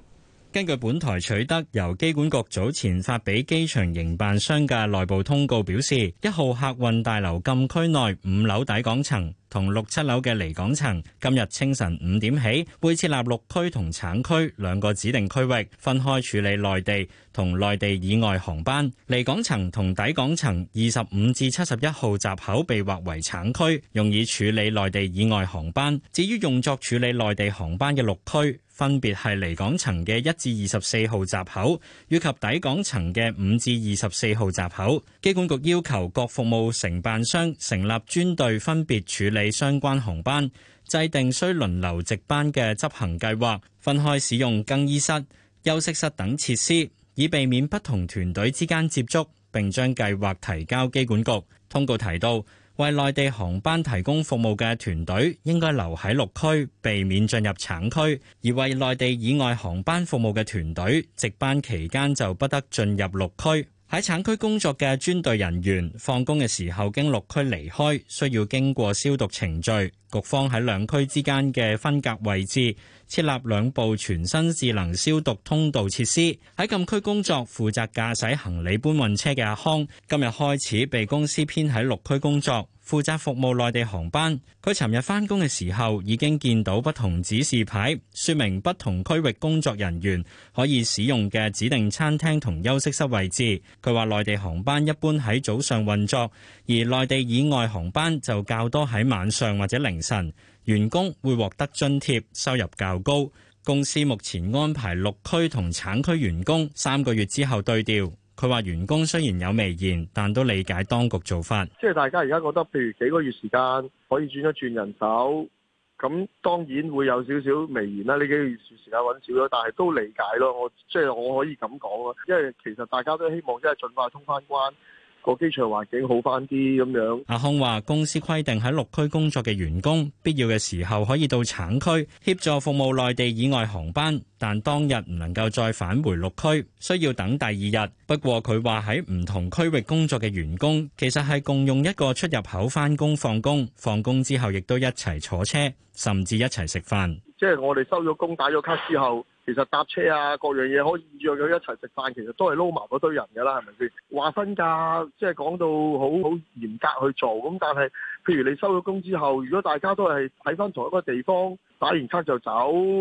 根據本台取得由機管局早前發俾機場營辦商嘅內部通告表示，一號客運大樓禁區內五樓抵港層同六七樓嘅離港層，今日清晨五點起會設立六區同橙區兩個指定區域，分開處理內地同內地以外航班。離港層同抵港層二十五至七十一號閘口被劃為橙區，用以處理內地以外航班。至於用作處理內地航班嘅六區，分別係離港層嘅一至二十四號閘口，以及抵港層嘅五至二十四號閘口。機管局要求各服務承辦商成立專隊，分別處理相關航班，制定需輪流值班嘅執行計劃，分開使用更衣室、休息室等設施，以避免不同團隊之間接觸。並將計劃提交機管局。通告提到：為內地航班提供服務嘅團隊應該留喺六區，避免進入橙區；而為內地以外航班服務嘅團隊，值班期間就不得進入六區。喺產區工作嘅專隊人員放工嘅時候經陸區離開，需要經過消毒程序。局方喺兩區之間嘅分隔位置設立兩部全新智能消毒通道設施。喺禁區工作負責駕駛行李搬運車嘅阿康，今日開始被公司編喺陸區工作。負責服務內地航班，佢尋日返工嘅時候已經見到不同指示牌，説明不同區域工作人員可以使用嘅指定餐廳同休息室位置。佢話內地航班一般喺早上運作，而內地以外航班就較多喺晚上或者凌晨。員工會獲得津貼，收入較高。公司目前安排六區同產區員工三個月之後對調。佢話員工雖然有微言，但都理解當局做法。即係大家而家覺得，譬如幾個月時間可以轉一轉人手，咁當然會有少少微言啦。呢幾個月時間揾少咗，但係都理解咯。我即係、就是、我可以咁講咯，因為其實大家都希望即係儘快通返關。個機場環境好返啲，咁樣。阿康話：公司規定喺六區工作嘅員工，必要嘅時候可以到橙區協助服務內地以外航班，但當日唔能夠再返回六區，需要等第二日。不過佢話喺唔同區域工作嘅員工，其實係共用一個出入口返工、放工，放工之後亦都一齊坐車，甚至一齊食飯。即係我哋收咗工、打咗卡之後。其實搭車啊，各樣嘢可以約約一齊食飯，其實都係撈埋嗰堆人㗎啦，係咪先？話分價即係講到好好嚴格去做咁，但係譬如你收咗工之後，如果大家都係喺返同一個地方。打完卡就走，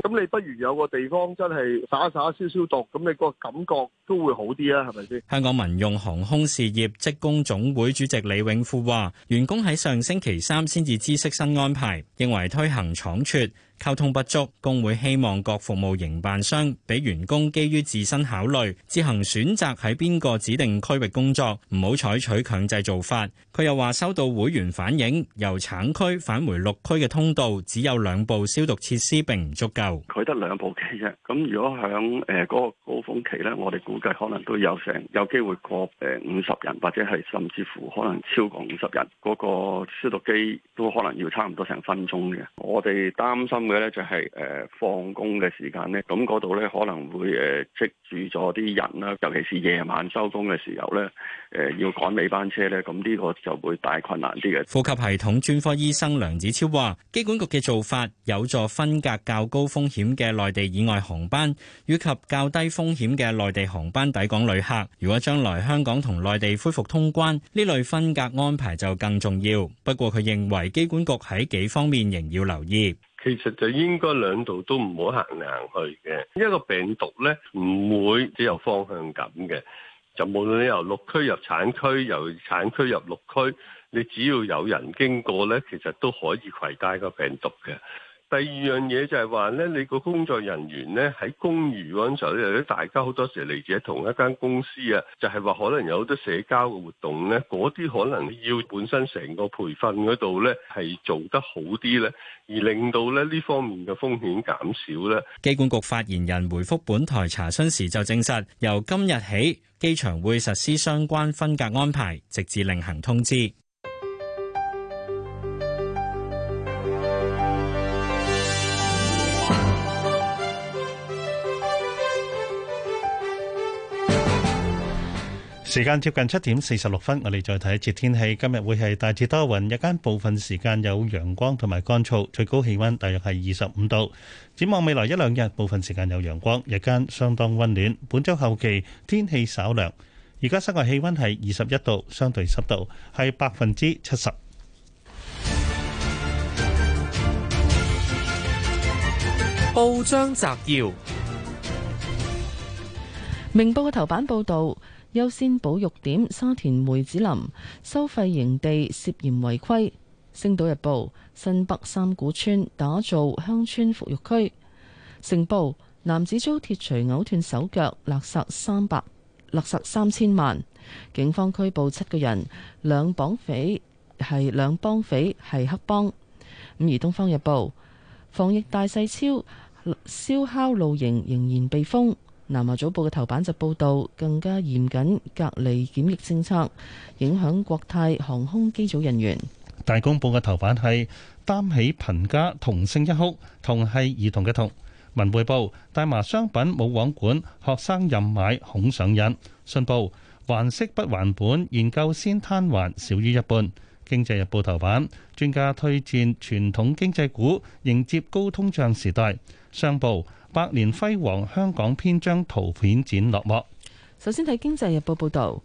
咁你不如有個地方真係灑灑消消毒，咁你個感覺都會好啲啊，係咪先？香港民用航空事業職工總會主席李永富話，員工喺上星期三先至知悉新安排，認為推行倉促，溝通不足。工會希望各服務營辦商俾員工基於自身考慮，自行選擇喺邊個指定區域工作，唔好採取強制做法。佢又話收到會員反映，由橙區返回綠區嘅通道只有兩部消。消毒設施並唔足夠，佢得兩部機啫。咁如果響誒個高峰期咧，我哋估計可能都有成有機會過誒五十人，或者係甚至乎可能超過五十人。嗰個消毒機都可能要差唔多成分鐘嘅。我哋擔心嘅咧就係誒放工嘅時間咧，咁嗰度咧可能會誒積住咗啲人啦，尤其是夜晚收工嘅時候咧。誒要趕尾班車呢，咁呢個就會大困難啲嘅。呼吸系統專科醫生梁子超話，機管局嘅做法有助分隔較高風險嘅內地以外航班，以及較低風險嘅內地航班抵港旅客。如果將來香港同內地恢復通關，呢類分隔安排就更重要。不過，佢認為機管局喺幾方面仍要留意。其實就應該兩度都唔好行嚟行去嘅，一個病毒呢，唔會只有方向感嘅。就無論你由六區入產區，由產區入六區，你只要有人經過咧，其實都可以攜帶個病毒嘅。第二樣嘢就係話咧，你個工作人員咧喺公寓嗰陣時候咧，大家好多時嚟自，同一間公司啊，就係話可能有好多社交嘅活動咧，嗰啲可能要本身成個培訓嗰度咧係做得好啲咧，而令到咧呢方面嘅風險減少咧。機管局發言人回覆本台查詢時就證實由今日起。機場會實施相關分隔安排，直至另行通知。時間接近七點四十六分，我哋再睇一次天氣。今日會係大致多雲，日間部分時間有陽光同埋乾燥，最高氣溫大約係二十五度。展望未來一兩日，部分時間有陽光，日間相當溫暖。本周後期天氣稍涼。而家室外氣溫係二十一度，相對濕度係百分之七十。報章摘要：明報嘅頭版報道。優先保育點沙田梅子林收費營地涉嫌違規。星島日報：新北三古村打造鄉村復育區。成報：男子遭鐵錘拗斷手腳，勒殺三百，勒殺三千萬。警方拘捕七個人，兩綁匪係，兩幫匪係黑幫。而東方日報：防疫大細超燒烤露營仍然被封。南華早報嘅頭版就報道，更加嚴謹隔離檢疫政策，影響國泰航空機組人員。大公報嘅頭版係擔起貧家同姓一哭，同係兒童嘅同。文匯報，大麻商品冇網管，學生任買恐上癮。信報，還息不還本，研究先攤還少於一半。經濟日報頭版，專家推薦傳統經濟股迎接高通脹時代。商報百年輝煌香港篇章圖片展落幕。首先睇《經濟日報》報道，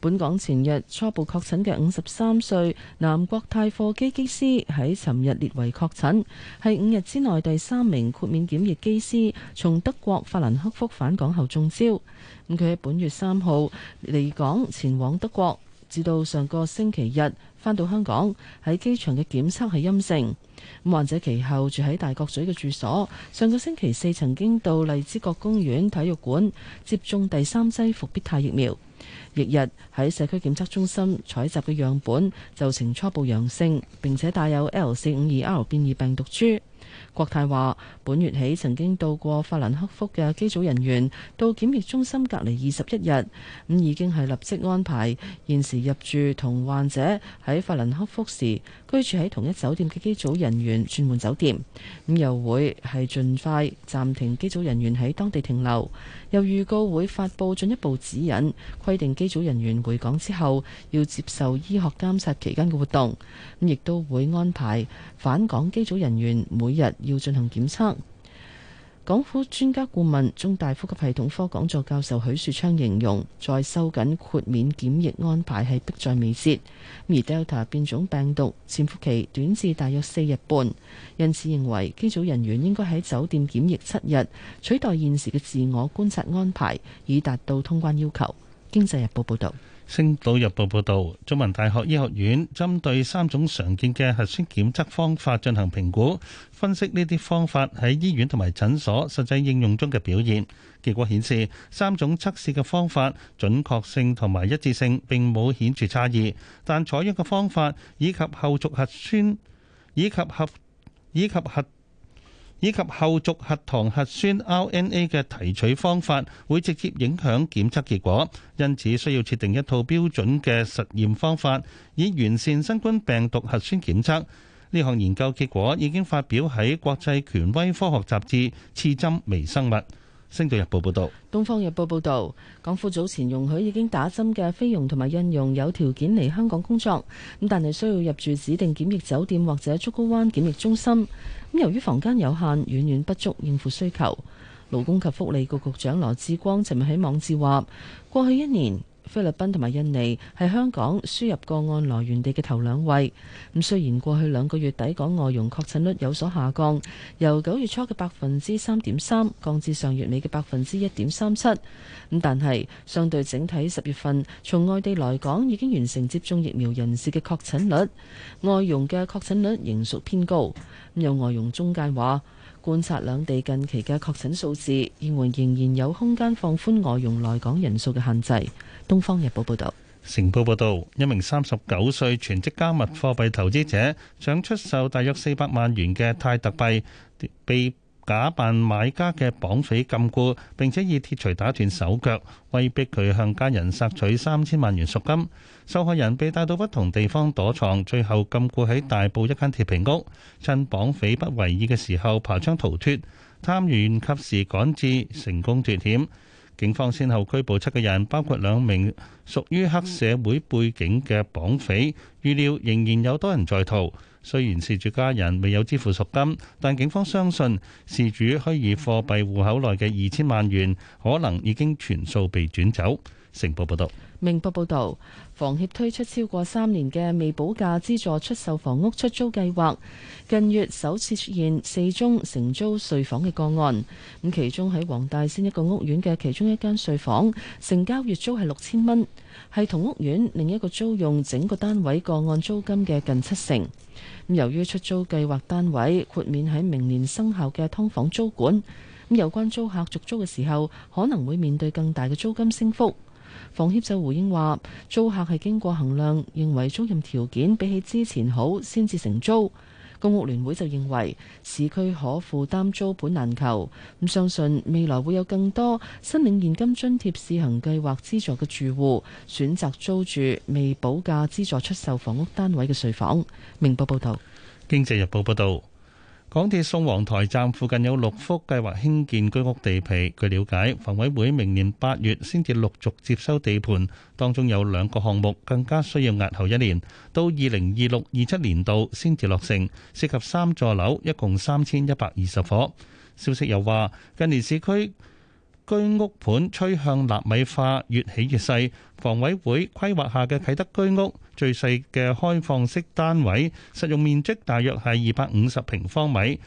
本港前日初步確診嘅五十三歲南國泰貨機機師喺尋日列為確診，係五日之內第三名豁免檢疫機師。從德國法蘭克福返港後中招。咁佢喺本月三號離港前往德國，至到上個星期日。.翻到香港喺機場嘅檢測係陰性，患者其後住喺大角咀嘅住所，上個星期四曾經到荔枝角公園體育館接種第三劑復必泰疫苗，翌日喺社區檢測中心採集嘅樣本就呈初步陽性，並且帶有 L 四五二 R 變異病毒株。國泰話：本月起，曾經到過法蘭克福嘅機組人員，到檢疫中心隔離二十一日。咁已經係立即安排現時入住同患者喺法蘭克福時居住喺同一酒店嘅機組人員轉換酒店。咁又會係盡快暫停機組人員喺當地停留。又預告會發佈進一步指引，規定機組人員回港之後要接受醫學監察期間嘅活動，咁亦都會安排返港機組人員每日要進行檢測。港府專家顧問、中大呼吸系統科講座教授許樹昌形容，再收緊豁免檢疫安排係迫在眉睫，而 Delta 變種病毒潛伏期短至大約四日半，因此認為機組人員應該喺酒店檢疫七日，取代現時嘅自我觀察安排，以達到通關要求。經濟日報報道，星島日報報道，中文大學醫學院針對三種常見嘅核酸檢測方法進行評估，分析呢啲方法喺醫院同埋診所實際應用中嘅表現。結果顯示，三種測試嘅方法準確性同埋一致性並冇顯著差異，但採用嘅方法以及後續核酸以及核以及核。以及後續核糖核酸 RNA 嘅提取方法會直接影響檢測結果，因此需要設定一套標準嘅實驗方法，以完善新冠病毒核酸檢測。呢項研究結果已經發表喺國際權威科學雜誌《刺針微生物》。《星島日報》報道，《東方日報》報道，港府早前容許已經打針嘅菲傭同埋印傭有條件嚟香港工作，咁但係需要入住指定檢疫酒店或者竹篙灣檢疫中心。咁由於房間有限，遠遠不足應付需求。勞工及福利局局長羅志光尋日喺網誌話，過去一年。菲律賓同埋印尼係香港輸入個案來源地嘅頭兩位。咁雖然過去兩個月抵港外傭確診率有所下降，由九月初嘅百分之三點三降至上月尾嘅百分之一點三七，咁但係相對整體十月份從外地來港已經完成接種疫苗人士嘅確診率，外傭嘅確診率仍屬偏高。有外傭中介話，觀察兩地近期嘅確診數字，認為仍然有空間放寬外傭來港人數嘅限制。東方日報報道，成報報道，一名三十九歲全職加密貨幣投資者想出售大約四百萬元嘅泰特幣，被假扮買家嘅綁匪禁錮，並且以鐵錘打斷手腳，威逼佢向家人索取三千萬元贖金。受害人被帶到不同地方躲藏，最後禁錮喺大埔一間鐵皮屋。趁綁匪不為意嘅時候爬，爬窗逃脫。探員及時趕至，成功脫險。警方先後拘捕七個人，包括兩名屬於黑社會背景嘅綁匪。預料仍然有多人在逃。雖然事主家人未有支付贖金，但警方相信事主虛擬貨幣戶口內嘅二千萬元可能已經全數被轉走。成報報道，明報報道，房協推出超過三年嘅未補價資助出售房屋出租計劃，近月首次出現四宗承租睡房嘅個案。咁其中喺黃大仙一個屋苑嘅其中一間睡房，成交月租係六千蚊，係同屋苑另一個租用整個單位個案租金嘅近七成。由於出租計劃單位豁免喺明年生效嘅劏房租管，有關租客續租嘅時候，可能會面對更大嘅租金升幅。房協就回應話：租客係經過衡量，認為租賃條件比起之前好，先至承租。公屋聯會就認為市區可負擔租盤難求，咁相信未來會有更多申領現金津貼試行計劃資助嘅住戶選擇租住未補價資助出售房屋單位嘅睡房。明報報道，《經濟日報》報道。港鐵宋皇台站附近有六幅計劃興建居屋地皮。據了解，房委會明年八月先至陸續接收地盤，當中有兩個項目更加需要押後一年，到二零二六、二七年度先至落成，涉及三座樓，一共三千一百二十伙。消息又話，近年市區居屋盤趨向納米化，越起越細。房委會規劃下嘅啟德居屋最細嘅開放式單位，實用面積大約係二百五十平方米。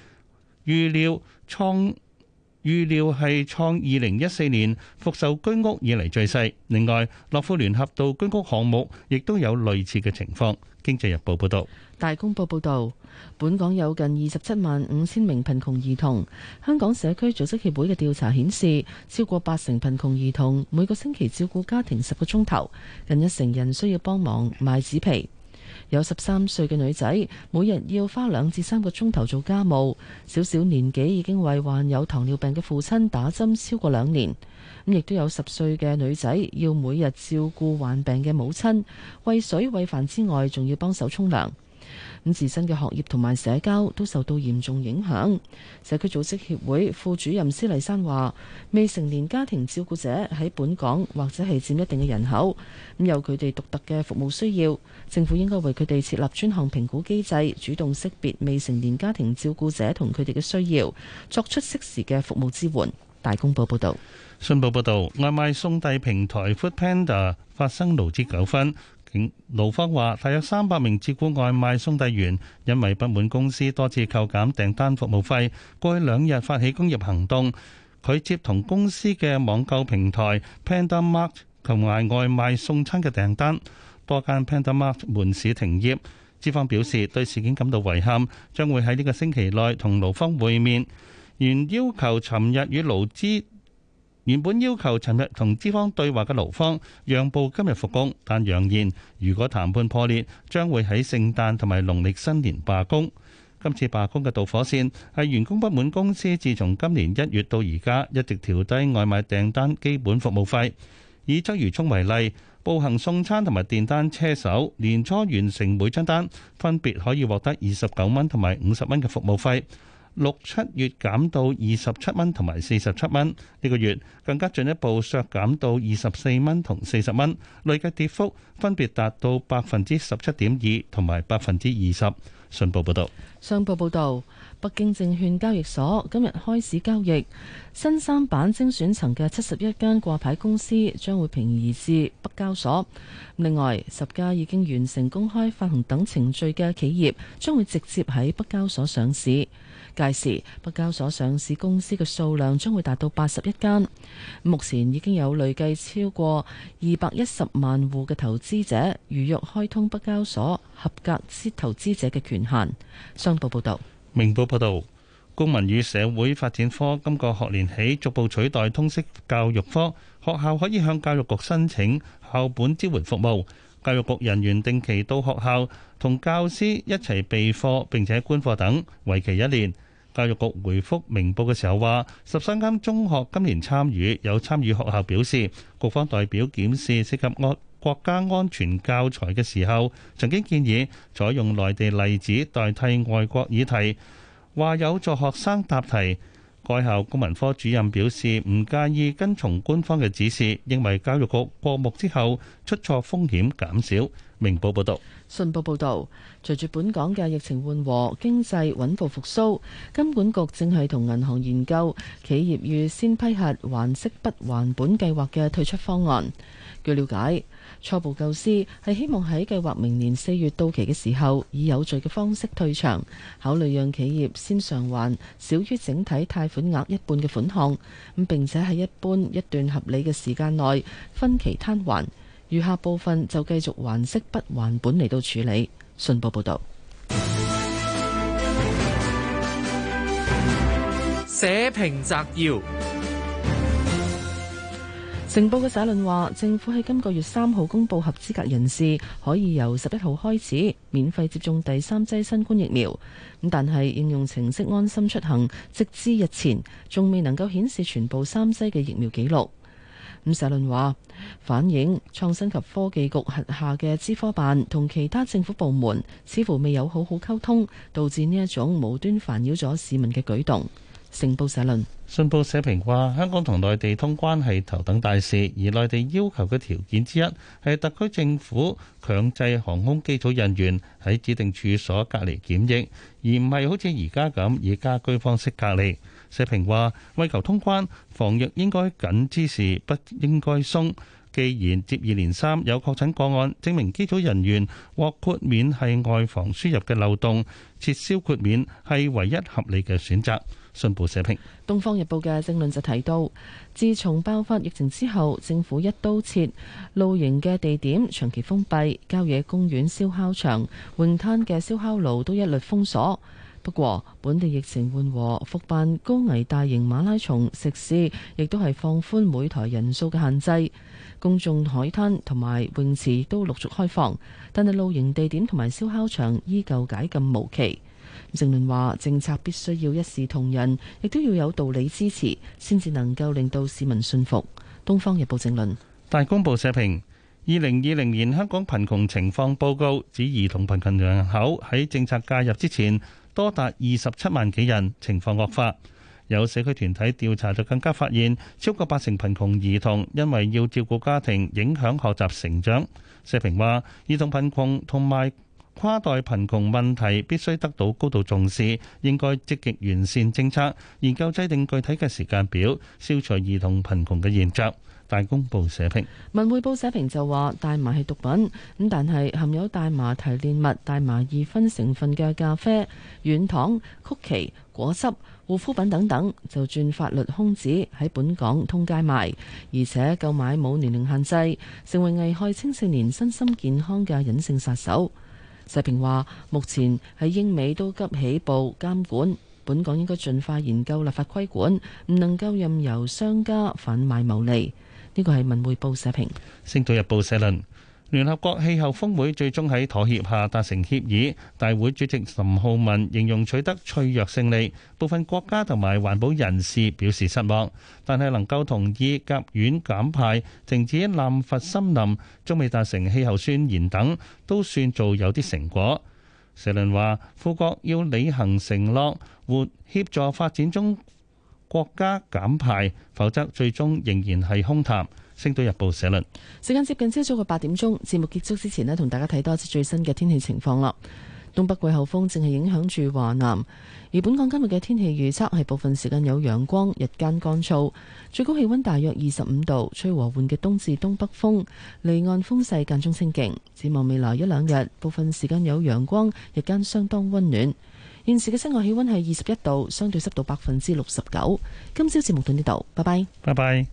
預料創預料係創二零一四年復售居屋以嚟最細。另外，樂富聯合道居屋項目亦都有類似嘅情況。經濟日報報導。大公報報道，本港有近二十七萬五千名貧窮兒童。香港社區組織協會嘅調查顯示，超過八成貧窮兒童每個星期照顧家庭十個鐘頭，近一成人需要幫忙賣紙皮。有十三歲嘅女仔，每日要花兩至三個鐘頭做家務，小小年紀已經為患有糖尿病嘅父親打針超過兩年。咁亦都有十歲嘅女仔要每日照顧患病嘅母親，餵水餵飯之外，仲要幫手沖涼。咁自身嘅學業同埋社交都受到嚴重影響。社區組織協會副主任施麗珊話：未成年家庭照顧者喺本港或者係佔一定嘅人口，咁有佢哋獨特嘅服務需要。政府應該為佢哋設立專項評估機制，主動識別未成年家庭照顧者同佢哋嘅需要，作出適時嘅服務支援。大公報報導，信報報導，外賣送遞平台 Foodpanda 發生勞資糾紛。勞方話，大約三百名自雇外賣送遞員因為不滿公司多次扣減訂單服務費，過去兩日發起工業行動。佢接同公司嘅網購平台 Panda Mart 同埋外賣送餐嘅訂單，多間 Panda Mart 門市停業。資方表示對事件感到遺憾，將會喺呢個星期內同勞方會面，原要求尋日與勞資。原本要求尋日同資方對話嘅勞方，讓步今日復工，但揚言如果談判破裂，將會喺聖誕同埋農曆新年罷工。今次罷工嘅導火線係員工不滿公司，自從今年一月到而家一直調低外賣訂單基本服務費。以則如聰為例，步行送餐同埋電單車手年初完成每張單，分別可以獲得二十九蚊同埋五十蚊嘅服務費。六七月減到二十七蚊同埋四十七蚊，呢個月更加進一步削減到二十四蚊同四十蚊，累計跌幅分別達到百分之十七點二同埋百分之二十。信報報道：上報報導，北京證券交易所今日開始交易，新三板精選層嘅七十一間掛牌公司將會平移至北交所。另外，十家已經完成公開發行等程序嘅企業，將會直接喺北交所上市。屆時，北交所上市公司嘅數量將會達到八十一間，目前已經有累計超過二百一十萬戶嘅投資者預約開通北交所合格之投資者嘅權限。商報報道，明報報道，公民與社會發展科今個學年起逐步取代通識教育科，學校可以向教育局申請校本支援服務，教育局人員定期到學校同教師一齊備課，並且觀課等，為期一年。教育局回覆明報嘅時候話，十三間中學今年參與，有參與學校表示，局方代表檢視涉及安國家安全教材嘅時候，曾經建議採用內地例子代替外國議題，話有助學生答題。該校公民科主任表示唔介意跟從官方嘅指示，認為教育局過目之後出錯風險減少。明報報導。信報報導，隨住本港嘅疫情緩和，經濟穩步復甦，金管局正係同銀行研究企業預先批核還息不還本計劃嘅退出方案。據了解，初步構思係希望喺計劃明年四月到期嘅時候，以有序嘅方式退場，考慮讓企業先償還少於整體貸款額一半嘅款項，咁並且喺一般一段合理嘅時間內分期攤還。餘下部分就繼續還息不還本嚟，到處理。信報報道，社評摘要。成報嘅社論話，政府喺今個月三號公布合資格人士可以由十一號開始免費接種第三劑新冠疫苗，咁但係應用程式安心出行直至日前仲未能夠顯示全部三劑嘅疫苗記錄。五社論話：反映創新及科技局轄下嘅資科辦同其他政府部門似乎未有好好溝通，導致呢一種無端煩擾咗市民嘅舉動。成報社論，信報社評話：香港同內地通關係頭等大事，而內地要求嘅條件之一係特區政府強制航空機組人員喺指定處所隔離檢疫，而唔係好似而家咁以家居方式隔離。社評話：為求通關，防疫應該緊之時不應該鬆。既然接二連三有確診個案，證明機組人員獲豁免係外防輸入嘅漏洞，撤銷豁免係唯一合理嘅選擇。信報社評，《東方日報》嘅正論就提到，自從爆發疫情之後，政府一刀切，露營嘅地點長期封閉，郊野公園、燒烤場、泳灘嘅燒烤爐都一律封鎖。不過本地疫情緩和，復辦高危大型馬拉松、食肆亦都係放寬每台人數嘅限制。公眾海灘同埋泳池都陸續開放，但係露營地點同埋燒烤場依舊解禁無期。政論話，政策必須要一視同仁，亦都要有道理支持，先至能夠令到市民信服。東方日報政論。大公報社評，二零二零年香港貧窮情況報告指，兒童貧窮人口喺政策介入之前，多達二十七萬幾人，情況惡化。有社區團體調查就更加發現，超過八成貧窮兒童因為要照顧家庭，影響學習成長。社評話：兒童貧窮同埋跨代貧窮問題必須得到高度重視，應該積極完善政策，研究制定具體嘅時間表，消除兒童貧窮嘅現象。大公報社評、文匯報社評就話：大麻係毒品，咁但係含有大麻提煉物、大麻二酚成分嘅咖啡、軟糖、曲奇、果汁、護膚品等等，就轉法律空子喺本港通街賣，而且購買冇年齡限制，成為危害青少年身心健康嘅隱性殺手。社評話：目前喺英美都急起步監管，本港應該盡快研究立法規管，唔能夠任由商家販賣牟利。呢個係文匯報社評，《星島日報》社論：聯合國氣候峰會最終喺妥協下達成協議，大會主席岑浩文形容取得脆弱勝利，部分國家同埋環保人士表示失望，但係能夠同意甲烷減排、停止濫伐森林、終未達成氣候宣言等，都算做有啲成果。社論話：富國要履行承諾，或協助發展中。國家減排，否則最終仍然係空談。星島日報社論。時間接近朝早嘅八點鐘，節目結束之前咧，同大家睇多一次最新嘅天氣情況啦。東北季候風正係影響住華南，而本港今日嘅天氣預測係部分時間有陽光，日間乾燥，最高氣温大約二十五度，吹和緩嘅東至東北風，離岸風勢間中清勁。展望未來一兩日，部分時間有陽光，日間相當温暖。現時嘅室外氣溫係二十一度，相對濕度百分之六十九。今朝節目到呢度，拜拜。拜拜。